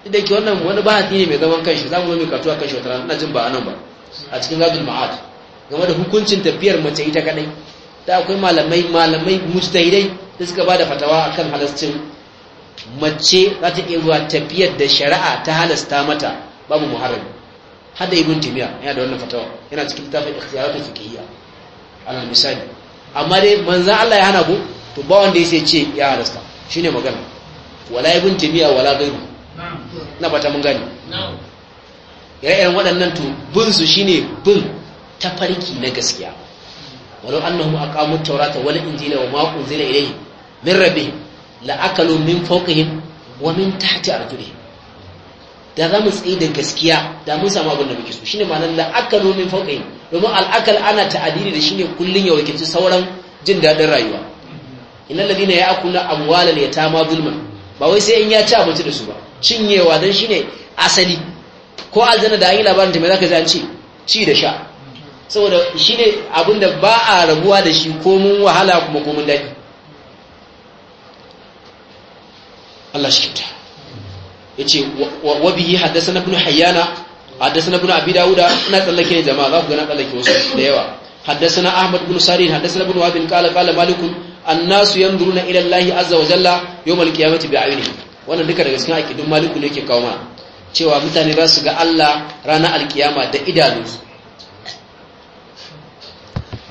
idan ke wannan wani bahati ne mai zaman kanshi za mu zo mai kartuwa kanshi wata rana na jin ba anan ba a cikin gajin ma'ad game da hukuncin tafiyar mace ita kadai da akwai malamai malamai mujtahidai da suka bada fatawa akan halascin mace za ta iya zuwa tafiyar da shari'a ta halasta mata babu muharram har da ibn timiya yana da wannan fatawa yana cikin littafin ikhtiyaratul fiqhiyya ala misali amma dai manzo Allah ya hana ku to ba wanda yace ce ya halasta shine magana wala ibn timiya wala gairu na bata mun gani ire-iren waɗannan to bin su shine bin Ta farki na gaskiya walau annahum a at-taurata wani injila wa ma unzila ilayhi min rabbihim la akalu min fawqihim wa min tahti arjulihim da za mu tsaye da gaskiya da mun samu abin da muke so shine ma'anar la akalu min fawqihim domin al'akal ana ta'adili da shine kullun ya wakilci sauran jin daɗin rayuwa innal ladina ya ta ma zulman ba wai sai in ya ci abinci da su ba cinyewa dan shine asali ko aljanna da an yi labarin ta mai zaka ji an ce ci da sha saboda shi ne abinda ba a rabuwa da shi komun wahala kuma komun daɗi Allah shi kyauta ya ce wa bihi haddasa na bin hayyana haddasa na bin abi dawuda ina tsallake ne jama'a za ku gana tsallake wasu da yawa haddasa na ahmad bin sarin haddasa na bin wabin kala kala malikun annasu yanzuruna ilan lahi azza wa jalla ya mace bi ayunihi wannan duka daga cikin aqidun Malikun ne ke kawo mana cewa mutane za su ga Allah ranar alkiyama da idanunsu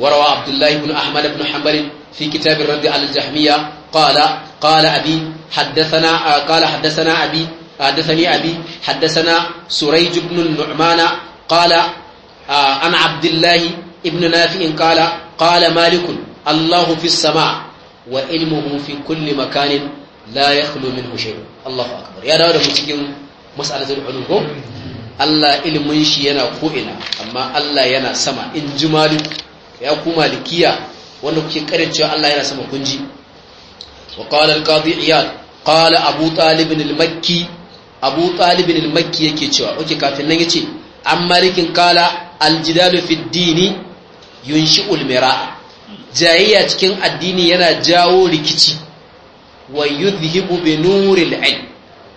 وروى عبد الله بن أحمد بن حنبل في كتاب الرد على الجهمية قال قال أبي حدثنا قال حدثنا أبي حدثني أبي حدثنا سريج بن النعمان قال عن عبد الله ابن نافع قال قال مالك الله في السماء وعلمه في كل مكان لا يخلو منه شيء الله أكبر يا داود مسكين مسألة العلوم Allah ilimin shi yana ko'ina, amma Allah yana sama in ji malu ya kuma malikiya wanda kuke karin cewa Allah yana sama kunji wa qala al-qadi iyad qala abu talib al-makki abu talib al-makki yake cewa oke kafin nan yace an malikin qala al-jidalu fi ad-dini mira jayayya cikin addini yana jawo rikici wa yudhibu bi nuril ilm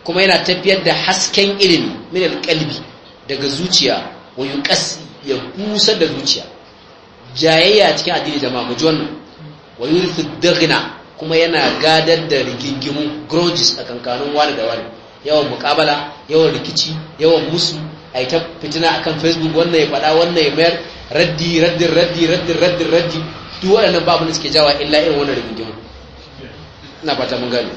kuma yana tafiyar da hasken ilimi min al-qalbi daga zuciya wa yuqas ya busar da zuciya jayayya cikin addini jama'a mu ji wannan wa yurisu dagina kuma yana gadar da rigingimu grudges a kankanin wani da wani yawan mukabala yawan rikici yawan musu a ta fitina akan facebook wannan ya faɗa wannan ya mayar raddi raddi raddi raddi raddi raddi duk waɗannan babu da suke jawa illa irin wannan rigingimu ina fata mun gane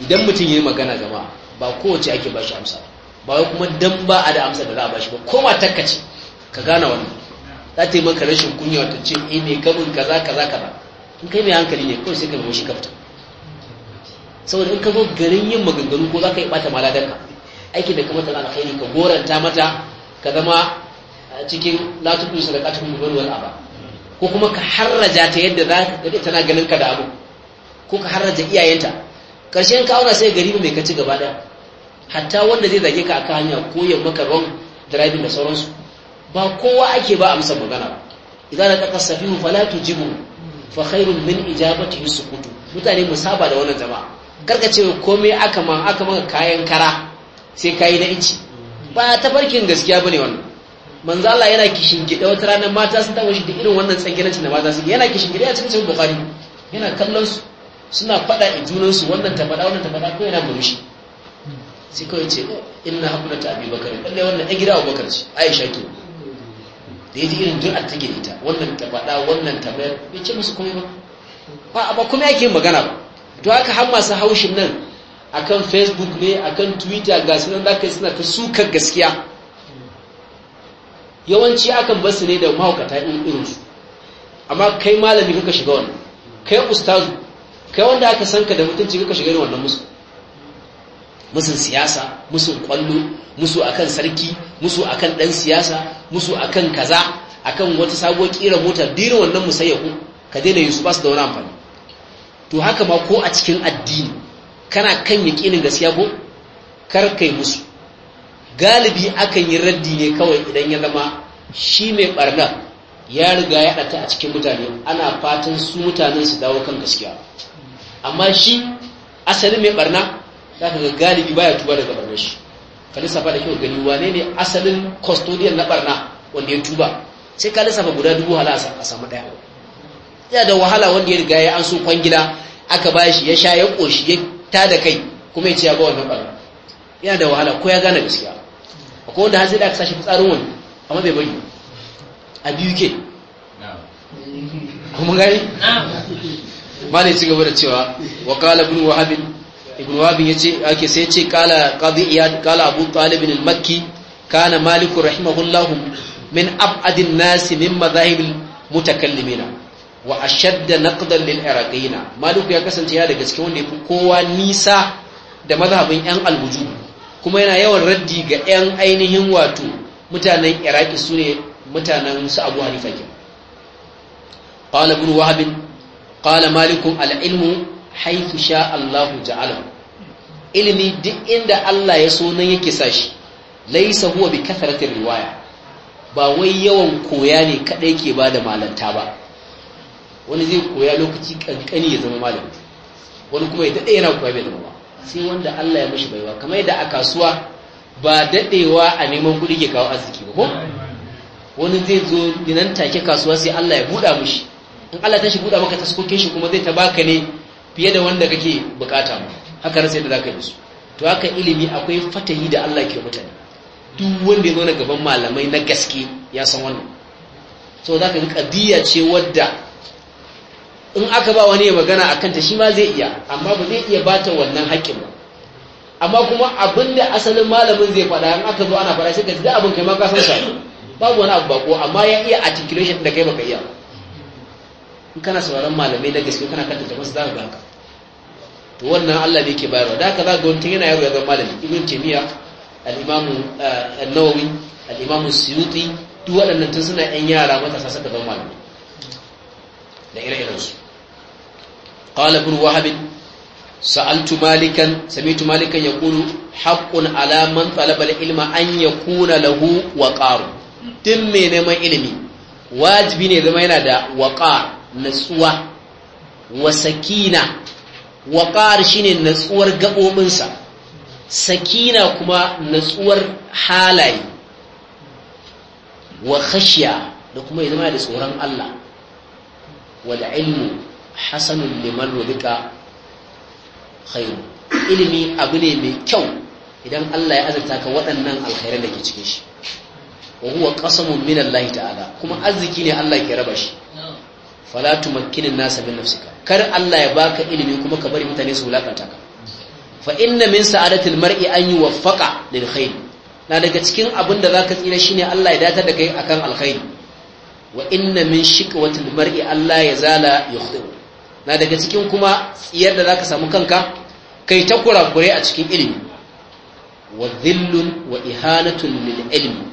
idan mutum yi magana gama ba kowace ake bashi amsa ba wai kuma dan ba a da amsa da za a bashi ba koma takkaci ka gane wannan za ta yi maka rashin kunya ta ce eh mai kamun kaza kaza kaza in kai mai hankali ne kawai sai ka mashi ka saboda in ka zo garin yin maganganu ko za ka yi bata maladanka aikin da kamata na alkhairi ka goranta mata ka zama eh, cikin da katin mubalwal aba ko kuma ka harraja ta yadda za ka ga tana ganin ka da abu ko ka harraja iyayenta karshen ka auna sai gari mai ka ci gaba da hatta wanda zai zage ka kan hanya ko ya maka wrong driving da sauransu ba kowa ake ba amsa magana ba idan da taka safihu fala tujibu fa khairun min ijabatihi sukutu mutane mu saba da wannan jama'a karka ce komai aka ma aka maka kayan kara sai kai na ici ba ta farkin gaskiya bane wannan manzo Allah yana kishin gida wata ranar mata sun tawo shi da irin wannan tsangirancin da mata suke yana kishin gida a cikin Bukhari yana kallon su suna fada a junan su wannan ta fada wannan ta fada ko yana murushi sai kawai ce oh, inna hakulata abubakar lalle wannan ɗan gida abubakar ce aisha kenan da ya jirin irin ta take da ita wannan tabaɗa wannan tabayar ya ce musu komai ba ba kuma yake magana ba to haka har masu haushin nan akan facebook ne akan twitter ga sunan da kai suna ta sukar gaskiya yawanci akan basu ne da mahaukata irin su amma kai malami kuka shiga wannan kai ustazu kai wanda aka san ka da mutunci kuka shiga wannan musu musun siyasa musun kwallo musu akan sarki musu akan dan siyasa musu akan kaza akan wata sabuwar kira mota dire wannan musayyahu ka daina yin su da wani amfani to haka ma ko a cikin addini kana kan yakinin gaskiya ko kar kai musu galibi akan yi raddi ne kawai idan ya zama shi mai barna ya riga ya ɗata a cikin mutane ana fatan su mutanen su dawo kan gaskiya amma shi asali mai barna za ka ga galibi baya tuba daga barnar shi ka lissafa da kyau gani wane ne asalin custodian na barna wanda ya tuba sai ka lissafa guda dubu hala a samu daya. yana da wahala wanda ya riga ya an so kwangila aka ba shi ya sha ya ƙoshi ya ta da kai kuma ya ce ya ba wannan barna yana da wahala ko ya gane gaskiya akwai wanda har sai da ka sashi fitsarin wani amma bai bari a biyu ke kuma gani ma ne ci gaba da cewa wakala bin wahabin ibn wabin yace ake sai yace qala qadi iyad qala abu talib al-makki kana malik rahimahullahu min ab'adin nasi min madhahib al-mutakallimina wa ashadda naqdan lil iraqina malik ya kasance ya daga cikin wanda yafi kowa nisa da mazhabin yan alwuju kuma yana yawan raddi ga yan ainihin wato mutanen iraki sune mutanen su abu hanifa kenan qala ibn wahab qala malik al-ilmu حيث شاء الله جعله ilimi duk inda Allah ya so nan yake sashi laisa huwa bi kathratir riwaya ba wai yawan koya ne kadai ke bada malanta ba wani zai koya lokaci kankani ya zama malam wani kuma ya dade yana koya bai zama ba sai wanda Allah ya mishi baiwa kamar yadda a kasuwa ba dadewa a neman kuɗi ke kawo arziki ba ko wani zai zo nan take kasuwa sai Allah ya buɗa mishi in Allah ta shi buɗa maka taskokin shi kuma zai ta baka ne fiye da wanda kake bukata mu aka rasa yadda ka yi su to haka ilimi akwai fatahi da Allah ke mutane duk wanda ya zo na gaban malamai na gaske ya san wannan so ka yi kadiya ce wadda in aka ba wani ya magana a kanta shi ma zai iya amma ba zai iya bata wannan haƙƙin ba amma kuma abinda asalin malamin zai faɗa in aka zo ana faɗa sai ka ji abin kai ma ka san sa babu wani abu ba ko amma ya iya articulation da kai baka iya in kana sauraron malamai na gaske kana kanta jama'a za ka ga haka to wannan Allah ne ke bayarwa da haka za ga wani yana yaro ya zama malami ibn kimiya al imamu eh, an-nawawi al imamu suyuti duk waɗannan tun suna yan yara matasa suka zama malami da ire-iren su qala ibn wahab sa'altu malikan sami'tu malikan yaqulu haqqun ala man talaba al-ilma an yakuna lahu waqar din mai neman ilimi wajibi ne zama yana da waqa natsuwa wa sakina waƙar shine natsuwar gaɓominsa sakina kuma natsuwar halaye wa khashiya da kuma ya zama da tsoron Allah wal ilmu hasanun liman rubika khairu ilimi abu ne mai kyau idan Allah ya azurta ka waɗannan alkhairan da ke cikin shi wa huwa qasamun min Allah ta'ala kuma arziki ne Allah ke raba shi fala tumakkinin nasa bin nafsika kar Allah ya baka ilimi kuma ka bari mutane su wulakanta ka fa inna min sa'adatil mar'i an yuwaffaqa lil khair na daga cikin abin da zaka tsira shine Allah ya datar da kai akan alkhairi wa inna min shiqwatil mar'i Allah ya zala yukhdi na daga cikin kuma tsiyar da zaka samu kanka kai ta kurakure a cikin ilimi wa dhillun wa ihanatun lil ilmi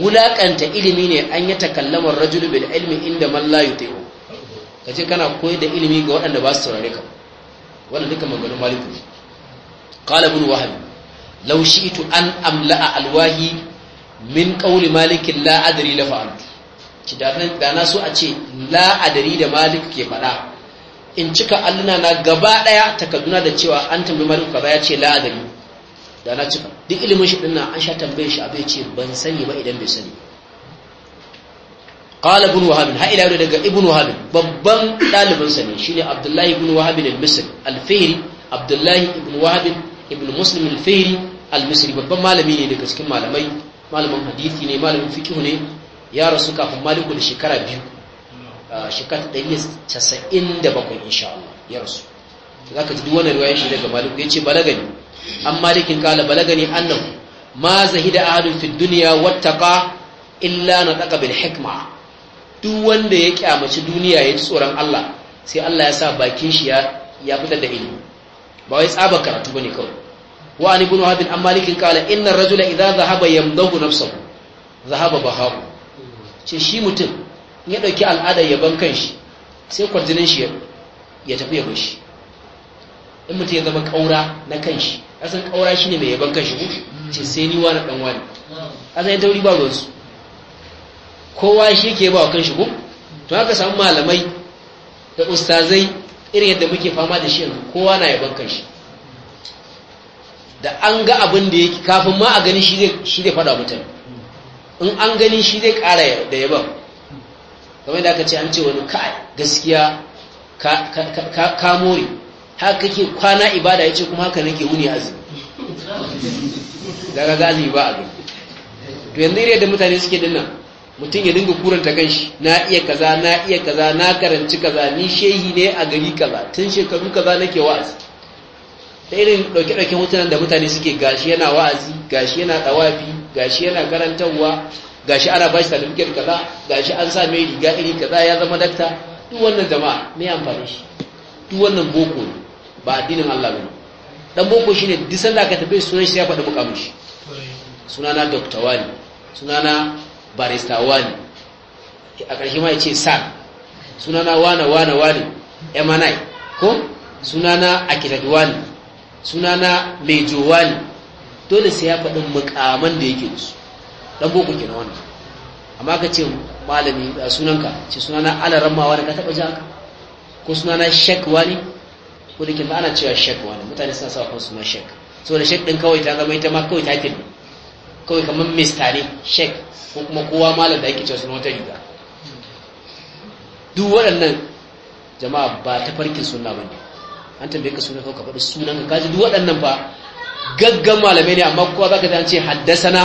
wulakanta ilimi ne an yi takallamar rajulu bil ilmi inda man la yuti'u ka ce kana koyar da ilimi ga waɗanda ba su saurare ka wannan duka maganin maliku qala ibn wahab law ito an amla'a alwahi min qawli malikin la adri la fa'al ki da na so a ce la adri da malik ke faɗa in cika alluna na gaba daya takarduna da cewa an tambayi malik ba ya ce la adri da na cika duk ilimin shi dinnan an sha tambayar shi abai ce ban sani ba idan bai sani qala ibn wahab ha ila daga ibn wahab babban dalibin sa ne shine abdullahi ibn wahab al-misri al-fihri abdullahi ibn wahab ibn muslim al-fihri babban malami ne daga cikin malamai malamin hadisi ne malamin fiqh ne ya rasu kafin maliku da shekara biyu shekara 197 insha Allah ya rasu za ka ji duk wannan shi daga maliku ya ce balagani an malikin kala balagani annahu ma zahida ahadun fi dunya illa na bil hikma duk wanda ya kyamaci duniya ya ji tsoron Allah sai Allah ya sa bakin shi ya fitar da ilimi ba wai tsaba karatu bane kawai wa an ibn habib an malikin qala inna ar-rajula idha dhahaba yamdahu nafsuhu dhahaba bahahu ce shi mutum ya dauki al'ada ya ban kanshi sai kwarjinin shi ya tafi ya bashi in mutum ya zama kaura na kanshi asan kaura shine mai yaban kanshi mm. ce sai ni wani dan wani asan ya tauri ba ruwansu kowa shi ke ba kan shigo, to haka samu malamai da ustazai irin yadda muke fama da shi yanzu kowa na yaban kan shi da an ga abin da yake kafin ma a gani shi zai shi zai fada mutane in an gani shi zai ƙara da yaban kamar da aka ce an ce wani kai gaskiya ka ka ka more haka kake kwana ibada yace kuma haka nake wuni azumi daga gazi ba a to yanzu irin yadda mutane suke dinnan mutum ya dinga kuranta shi na iya kaza na iya kaza na karanci kaza ni shehi ne a gari kaza tun shekaru kaza nake wa'azi ta irin ɗauke-ɗauke hotunan da mutane suke gashi yana wa'azi gashi yana ɗawafi gashi yana karantarwa gashi ana ba shi talibikar kaza gashi an sa mai riga iri kaza ya zama dakta duk wannan jama'a me amfani shi duk wannan boko ne ba addinin Allah ba dan boko shine duk sanda ka tafi sunan shi ya faɗi mukamin shi sunana Dr. wani sunana barista wani a ƙarshe ma ya ce san sunana wana wana wani mni ko sunana akitabi wani sunana mejo wani dole sai ya faɗin mukaman da yake su don boko kenan wannan amma ka ce malami a sunanka ce sunana alaramma wani ka taɓa jaka haka ko sunana shek wani ko da ke ana cewa shek wani mutane suna sa kan suna shek so da shek ɗin kawai ta zama ita ma kawai ta tilbi kawai kamar Mr. ne shek ko kuma kowa malar da ake cewa suna wata riga duk waɗannan jama'a ba ta farkin suna ba ne an tambaye ka suna kawai ka faɗi sunan ka kaji duk waɗannan ba gaggan malamai ne amma kowa za ka zance haddasana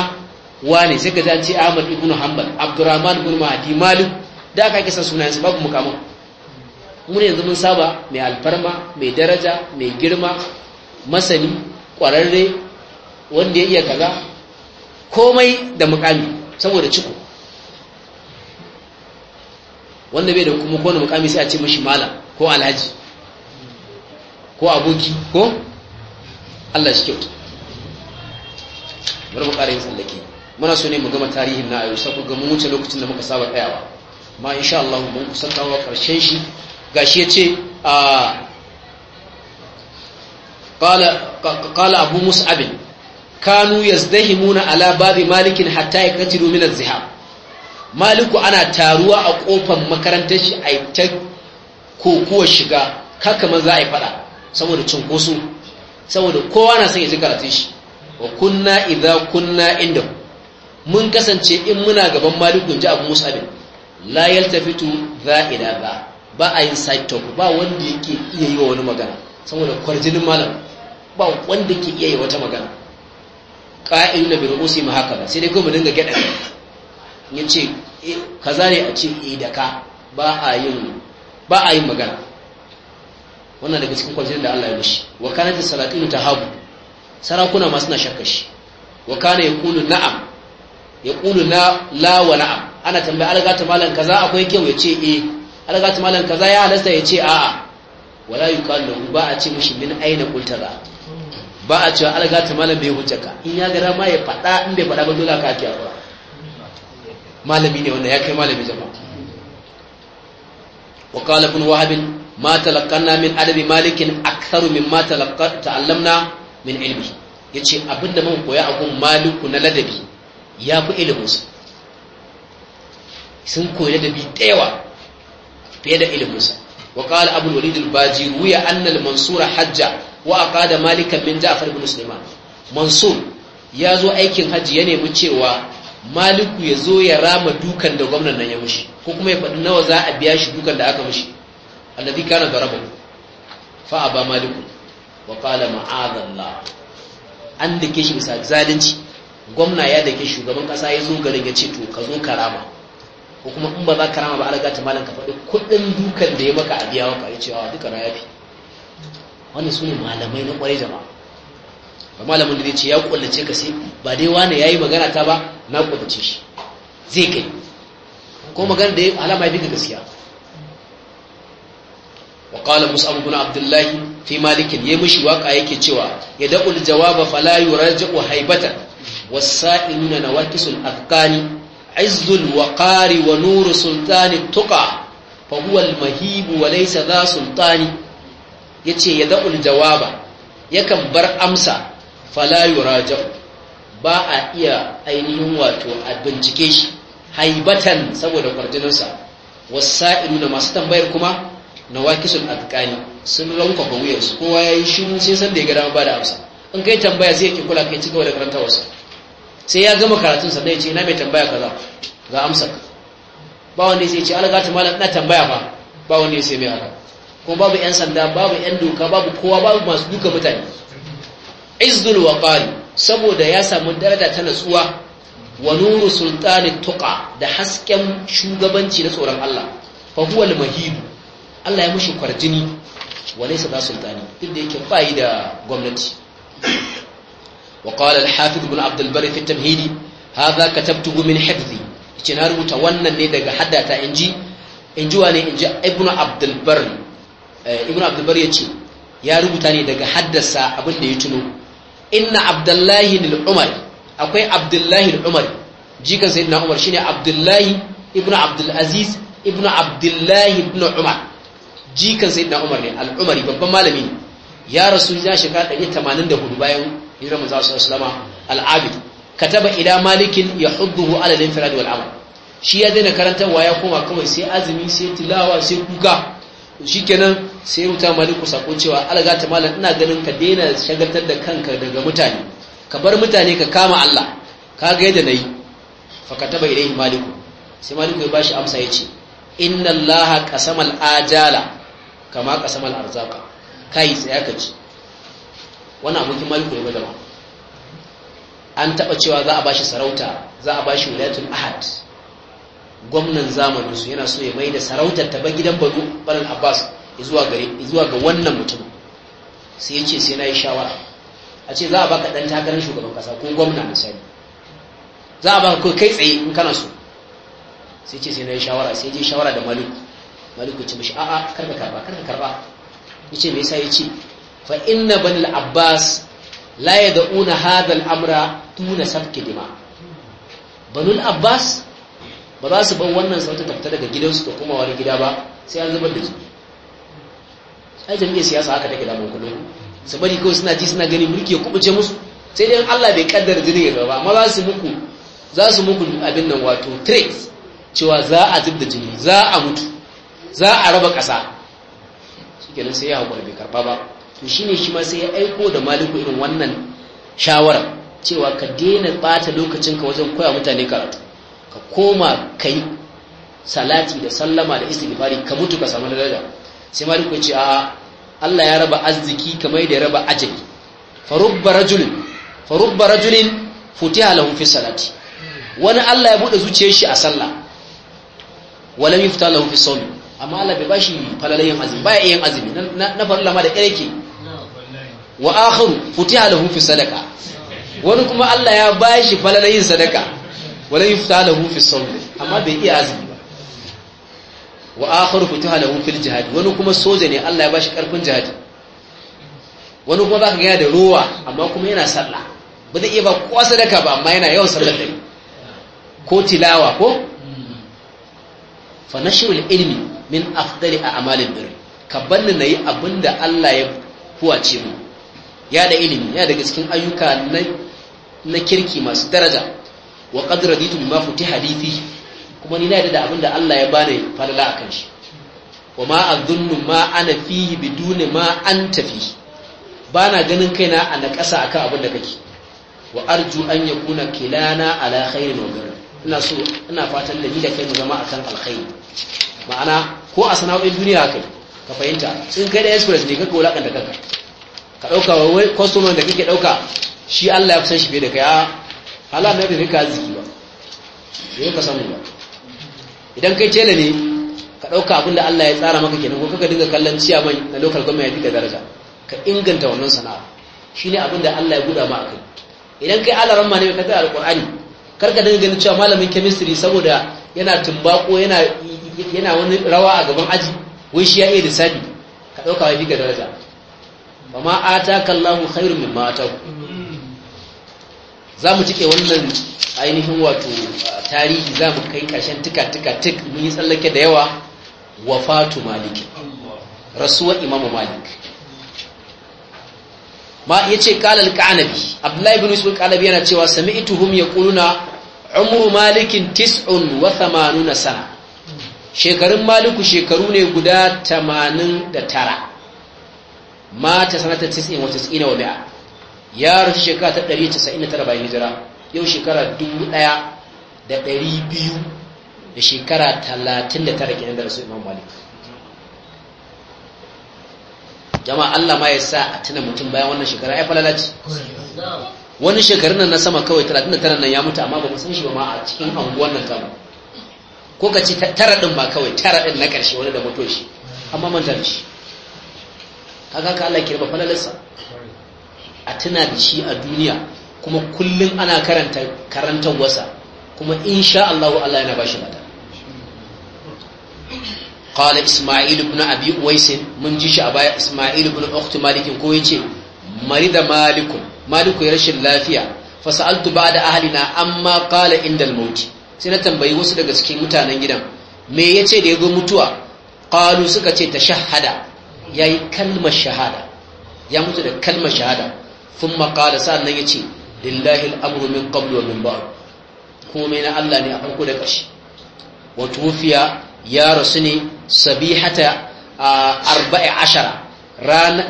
Wani sai ka zance ahmad ibn hanbal abdurrahman ibn mahdi malik da aka kisa sunayensu babu mukamu mun yanzu mun saba mai alfarma mai daraja mai girma masani ƙwararre wanda ya iya kaza komai da mukami saboda ciko wanda bai da kuma kone mukami sai a ce mashi mala ko alhaji ko aboki ko Allah shi kyau bari mu ƙara yin tsallake muna so ne mu gama tarihin na ayo sai ga mun wuce lokacin da muka saba tsayawa ma insha Allah mun kusan kawo ƙarshen shi gashi yace a ah, qala qala abu mus'ab kanu yazdahimuna ala babi malikin hatta yakatilu min az maliku ana taruwa a kofar makarantar shi a ta kokuwar shiga kaka maza a yi fada saboda cunkoso saboda kowa na son ya ji karatun shi wa kunna idza kunna inda mun kasance in muna gaban maliku ji abu musa bin la yaltafitu za ila ba ba a yin side talk ba wanda yake iya yi wa wani magana saboda kwarjinin malam ba wanda ke iya yi wata magana ƙa'ilu na birusi ma haka ba sai dai kuma dinga gyaɗa ya ce eh, kaza ne a ce eh, da ka ba a yin magana wannan daga cikin kwanciyar da Allah ya mishi wa kana ta salatinu ta hagu, sarakuna masu na shakka shi wa kana ya kulu na'am ya kulu na la wa na'am ana tambaya alaga ta malan kaza akwai kyau ya ce e eh. alaga ta malan kaza ya halasta ya ce a'a wala yuqalu ba a ce mishi min aina kultara. za ba a cewa alaga ta malam bai hujja ka in ya gara ma ya faɗa in bai faɗa ba dole ka ake ba malami ne wanda ya kai malami jama'a wa qala ibn wahab ma talaqqana min adabi malik aktharu mimma ta'allamna min ilmi yace abinda mun koya a gun maliku na ladabi ya fi ilimin su sun koyi ladabi da fiye da ilimin sa wa qala abul walid al-bajir wiya anna al-mansura hajja wa aqada malikan min ja'far ibn sulaiman mansur ya zo aikin haji ya nemi cewa maliku ya zo ya rama dukan da gwamnan nan ya mushi ko kuma ya faɗi nawa za a biya shi dukan da aka mushi alladhi kana daraba fa aba maliku wa qala ma'adallah an dake shi bisa zalunci gwamna ya dake shugaban kasa ya zo garin ya ce to ka zo karama ko kuma in ba za ka rama ba an ta malam ka faɗi kuɗin dukan da ya maka a biya maka ya ce wa duka na yafi wannan su ne malamai na kwarai jama'a ba malamin da zai ce ya kullace ka sai ba dai wani yi magana ta ba na kullace shi zai kai ko magana da alama ya fi gaskiya وقال مصعب بن عبد الله في مالك يمشي واقع yake cewa yad'u al-jawaba fala yurja'u haibatan was na nawakisul afqani izzul waqari wa nuru sultani tuqa fa huwa al-mahib wa laysa dha sultani Ya ce ya da'ul jawaba yakan bar amsa falayu yuraja'u ba a iya ainihin wato a bincike shi haibatan saboda wasa inu da masu tambayar kuma na sun adkani sun rankwafa wuyarsu kowa ya yi shiru sai san da ya gada ba da amsa in kai tambaya zai ke kula kai cigaba da karanta wasu sai ya gama karatun sannan ya ce na mai tambaya kaza ga amsa ba wanda ya ce algata malam na tambaya ba ba wanda ya sai mai haka kuma babu 'yan sanda babu 'yan doka babu kowa babu masu duka mutane izdul waqari saboda ya samu daraja ta natsuwa wa nuru sultani tuqa da hasken shugabanci na tsoron Allah fa huwa al-mahid Allah ya mushi kwarjini wa laysa da sultani duk da yake bai da gwamnati wa qala al-hafiz ibn abd al-bari fi at-tamhid hadha katabtuhu min hifzi na rubuta wannan ne daga haddata inji inji wane inji ibn abd al-bari Eh, ibn abdulbar ya ce ya rubuta ne daga haddasa abin da ya tuno inna abdullahi umar akwai abdullahi umar jikan sai na umar shine abdullahi ibn abdulaziz ibn abdullahi ibn umar jikan sai na umar ne al'umari babban malami ne ya rasu ya shekara 184 bayan hijirar manzo sallallahu alaihi wasallam kataba ila malikin yahudduhu ala al-infirad wal amal shi ya daina karantarwa ya koma kawai sai azumi sai tilawa sai kuka kenan sai ya rubuta maliku sako cewa alaga ta malam ina ganin ka daina shagaltar da kanka daga mutane ka bar mutane ka kama Allah ka ga yadda nayi fa kataba ilayhi maliku sai maliku ya bashi amsa yace inna Allah qasamal ajala kama qasamal arzaka, kai tsaya ka ci. wannan abokin maliku ya bada an taba cewa za a bashi sarauta za a bashi wilayatul ahad gwamnan zamanin su yana so ya mai da sarautar ta gidan banu balan abbas zuwa gare zuwa ga wannan mutum sai ya ce sai na yi shawara a ce za a baka ɗan takarar shugaban kasa ko gwamna misali za a baka kai tsaye in kana so sai ce sai na yi shawara sai je shawara da malik malik ya ce mishi a'a karka karba karka karba ya ce me yasa ya ce fa inna bani abbas la yad'una hadha al-amra tuna sabki dima banu abbas ba za su bar wannan sauta tafta fita daga gidansu ta kuma wani gida ba sai an zubar da su ai jami'a siyasa haka take damar kullum su bari kawai suna ji suna gani mulki ya kubuce musu sai dai Allah bai kaddara jini ya ba amma za su muku za su muku abin nan wato threat cewa za a zub da jini za a mutu za a raba kasa shikenan sai ya hakura bai karba ba to shine shi ma sai ya aiko da maliku irin wannan shawara cewa ka daina bata lokacinka wajen koya mutane karatu ka koma kai salati da sallama da istighfari ka mutu ka samu daraja sai malik ya ce a Allah ya raba arziki kamar da ya raba ajali farubba rajulin farubba rajulin futiha lahum fi salati wani Allah ya bude zuciyar shi a sallah wala yufta lahum fi sawmi amma Allah bai bashi falalayen azumi baya yin azumi na farulla ma da kare ke wa akharu futiha lahum fi sadaqa wani kuma Allah ya bashi falalayen sadaka wala yufta lahu fi sawm amma bai iya azumi ba wa akharu futaha lahu fil jihad wani kuma soja ne Allah ya bashi karfin jihad wani kuma baka ga da ruwa amma kuma yana sallah ba zai iya ba kowa sadaka ba amma yana yawan sallah dai ko tilawa ko fa nashrul ilmi min afdali a'malil birr ka banni nayi abinda Allah ya kuwace mu ya da ilimi ya daga cikin ayyuka na kirki masu daraja wa qad ditu bi futiha li hadithi kuma ni na yadda da abinda Allah ya bani falala kan shi wa ma adhunnu ma ana fihi bidun ma anta fi na ganin kaina a a akan abin da kake wa arju an yakuna kilana ala khairi wa birr ina so ina fatan da ni da kai mu zama akan alkhairi ma'ana ko a sana'o'in duniya kai ka fahimta in kai da express ne kaka wulakan da kanka ka dauka wai customer da kake dauka shi Allah ya kusan shi fiye da kai Allah mai bai ka arziki ba bai ka samu ba idan kai tela ne ka ɗauka abin da Allah ya tsara maka kenan ko kaka dinga kallon mai na local government ya fi ka daraja ka inganta wannan sana'a shi ne abin da Allah ya buɗa ma a kai idan kai alaran ma ne ka kai alƙur'ani kar ka dinga ganin cewa malamin chemistry saboda yana tumbako yana yana wani rawa a gaban aji wai shi ya iya lissafi ka ɗauka ya fi ka daraja ba ma ataka Allahu khairun mimma ataku za mu cike wannan ainihin wato tarihi za mu kai ƙarshen tuka-tuka-tuk mun yi tsallake da yawa wa fatu malik rasuwar imamu malik ma ya ce kalal kanabi abdullahi bin usman kanabi yana cewa sami ituhum ya ƙuluna Umaru malikin tis'un wa na sana shekarun maliku shekaru ne guda tamanin da tara mata sanata tis'in wa tis'ina wa bi'a ya rufi shekara ta 199 bayan hijira yau shekara 1200 da shekara 39 kenan da rasu imam malik jama'a Allah ma ya sa a tuna mutum bayan wannan shekara ai falala ce wani shekarun nan na sama kawai 39 nan ya mutu amma ba mu san shi ba ma a cikin anguwan nan kama ko ka ci tara din ba kawai tara din na karshe wani da mutuwa shi amma manta da shi kaga ka Allah kirba falalarsa a tuna da shi a duniya kuma kullum ana karanta karantar wasa kuma insha Allah Allah yana bashi lada qala isma'il ibn abi uwais mun ji shi a baya isma'il ibn ukht malik ko yace marida malik malik ya rashin lafiya fa sa'altu ba'da ahlina amma qala indal maut sai na tambayi wasu daga cikin mutanen gidan me yace da yazo mutuwa qalu suka ce tashahhada yayi kalmar shahada ya mutu da kalmar shahada sun makala sa'an nan ya ce lillahi al'amuru min qablu wa min ba'd komai na Allah ne a farko da ƙarshe wa tufiya ya rasu ne sabihata a arba'i ashara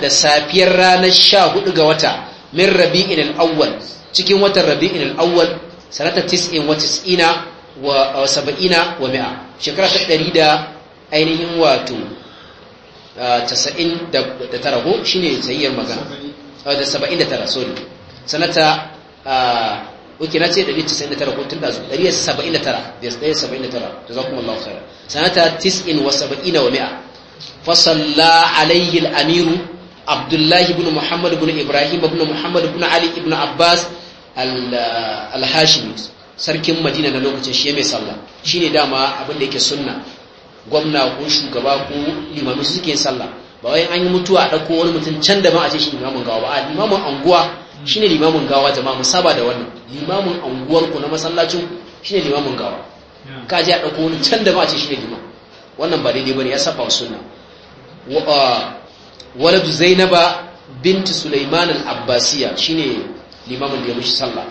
da safiyar ranar sha hudu ga wata min rabi'in al'awwal cikin watan rabi'in al'awwal sanata tis'in wa tis'ina wa saba'ina wa mi'a shekara ta ɗari da ainihin wato tasa'in da tara ko shine tsayyar magana da 79 sorry sanata uke ah, na ce 199 ko tun da su 179 179 jazakumullahu khairan sanata 79 wa 100 fasalla alayhi al-amiru abdullahi ibn muhammad ibn ibrahim ibn muhammad ibn ali ibn abbas al ah, sarkin madina na lokacin shi mai sallah shine dama abin da yake sunna gwamna ko shugaba ko limami suke sallah ba wai an yi mutuwa a ɗauko wani mutum can ma a ce shi limamin gawa ba a limamin anguwa shine limamin gawa jama'a mu saba da wannan limamin anguwar ku na masallacin shine limamin gawa ka je a ɗauko wani can ma a ce shi ne limam wannan ba daidai bane ya saba wa sunna waladu zainaba binti sulaiman al-abbasiya shine limamin da ya mishi sallah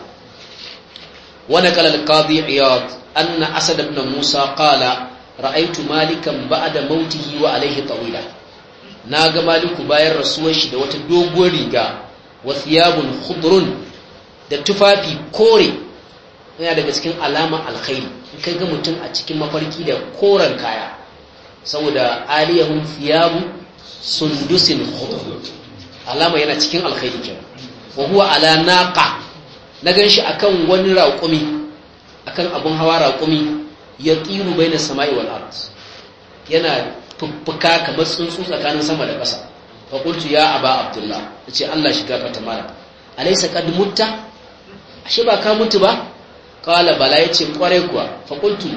wani kalal qadi iyad anna asad ibn musa qala ra'aytu malikan ba'da mautihi wa alayhi tawila na ga maliku bayan rasuwar shi da wata doguwar riga wa thiyabun khudrun da tufafi kore yana daga cikin alama alkhairi in kai ga mutum a cikin mafarki da koren kaya saboda aliyahum thiyabu sundusin khudrun alama yana cikin alkhairi ke wa huwa ala naqa na ganshi akan wani raƙumi akan abun hawa raƙumi ya tsiru na sama'i wal ard yana fuffuka kamar tsuntsu tsakanin sama da ƙasa fa qultu ya aba abdullah nace Allah shi mara. mala alaysa qad mutta ashe ba ka mutu ba qala bala yace kware kuwa fa qultu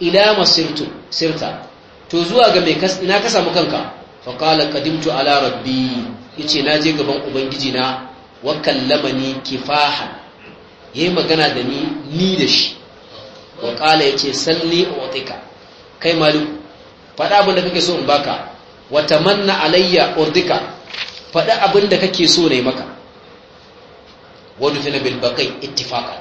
ila masirtu sirta to zuwa ga mai ina ka samu kanka fa qala qadimtu ala rabbi yace na je gaban ubangiji na wa kallamani Ya yayi magana da ni ni da shi wa qala yace salli wa tika kai maliku. faɗa abin da kake so in baka wa tamanna alayya urdika faɗa abin da kake so na yi maka wadufina bil baqai ittifaqa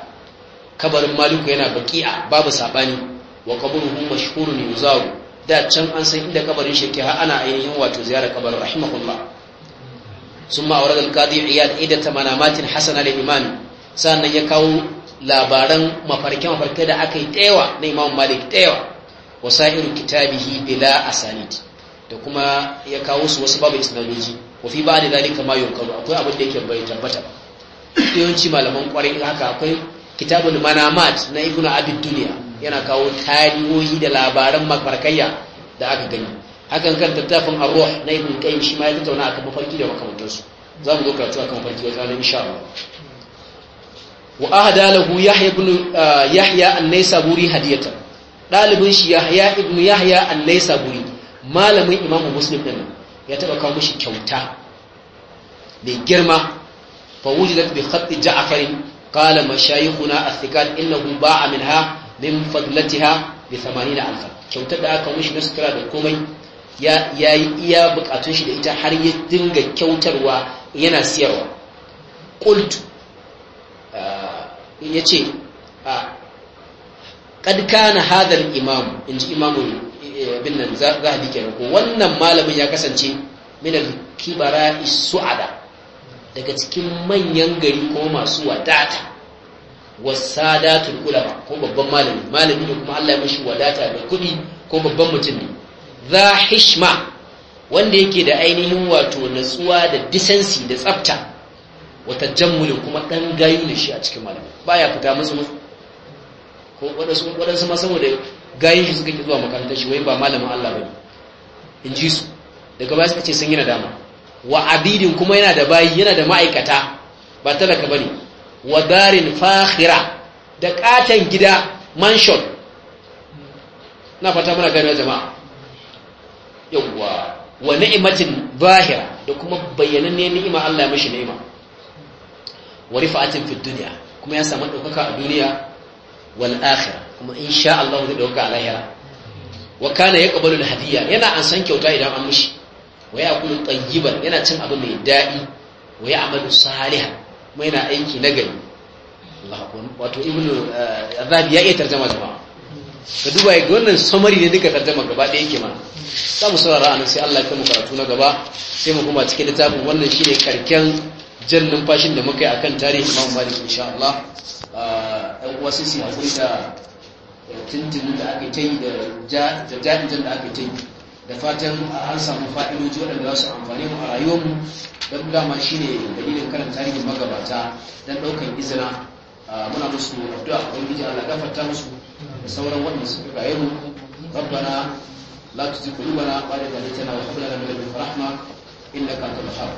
kabarin maliku yana a babu sabani wa qabruhu mashhurun yuzaru da can an san inda kabarin shi har ana ainihin wato ziyarar kabarin rahimahullah ثم أورد القاضي عياد عدة منامات حسنة sannan ya kawo labaran mafarke-mafarke da aka yi tsewa na imam malik tsewa wasairu kitabihi bila asanid da kuma ya kawo su wasu babu isnadoji wa fi da zalika ma yunkaru akwai abin da yake bai tabbata ba yawanci malaman kwarai haka akwai kitabul manamat na ibnu abid dunya yana kawo tarihohi da labaran mafarkayya da aka gani hakan kan tattafin arruh na ibnu qayyim shi ma ya tattauna akan mafarki da makamantansu za mu zo karatu akan mafarki wata ranar insha Allah wa ahada lahu yahya ibn ah, yahya an-naysaburi hadiyatan ɗalibin shi yahya ibn yahya annaisa buri malamin imamu muslim ɗin ya taɓa kawo mashi kyauta mai girma fa wujidat bi khatti ja'farin qala mashayikhuna athiqat innahu ba'a minha min fadlatiha bi 80 alf kyauta da aka mushi na sutura da komai ya yayi iya bukatun shi da ita har ya dinga kyautarwa yana siyarwa qultu yace kad kana hadal imam inji imamu eh, bin nan a kenan ko wannan malamin ya kasance min al-kibara suada daga cikin manyan gari ko masu wadata wasadatul ulama ko babban malami malami ne kuma Allah ya mishi wadata da kudi ko babban mutum ne za hishma wanda yake da ainihin wato natsuwa da disansi da tsafta wata jammulin kuma ɗan gayu shi a cikin malami baya fita musu ko waɗansu ma saboda gayin shi suka ki zuwa makarantar shi wai ba malamin Allah ba in ji su daga baya suka ce sun yana dama wa abidin kuma yana da bayi yana da ma'aikata ba talaka bane wa darin fahira. da katon gida mansion na fata muna gano jama'a yawwa wa ni'matin zahira da kuma ne ni'ima Allah ya mishi ni'ima wa rifa'atin fid dunya kuma ya samu daukaka a duniya wal akhirah kuma insha Allah zai dauka a lahira wa kana yaqbalu al hadiyya yana an san kyauta idan an mushi wa yaqulu tayyiban yana cin abu mai dadi wa ya'malu salihan kuma yana aiki nagari Allah wato Ibn eh, azabi ya iya tarjama jama'a ka duba ga wannan samari ne duka tarjama gaba ɗaya yake mana za mu saurara anan sai Allah ya mu karatu na gaba sai mu kuma cikin littafin wannan shine karken jan numfashin da muka yi akan tarihin Imam Malik insha Allah ɗan ah, uwa su hakuri da tuntunin da aka ta yi da jajin da aka ta da fatan an samu fa'idoji waɗanda za su amfani mu a rayuwarmu don dama shi ne dalilin karin tarihin magabata don ɗaukan izina ah, muna musu addu'a a ubangiji Allah gafarta musu da sauran waɗanda suka rayu mu rabbana la tuzigh qulubana ba'da idh hadaytana wa hab lana min ladunka rahma innaka antal wahhab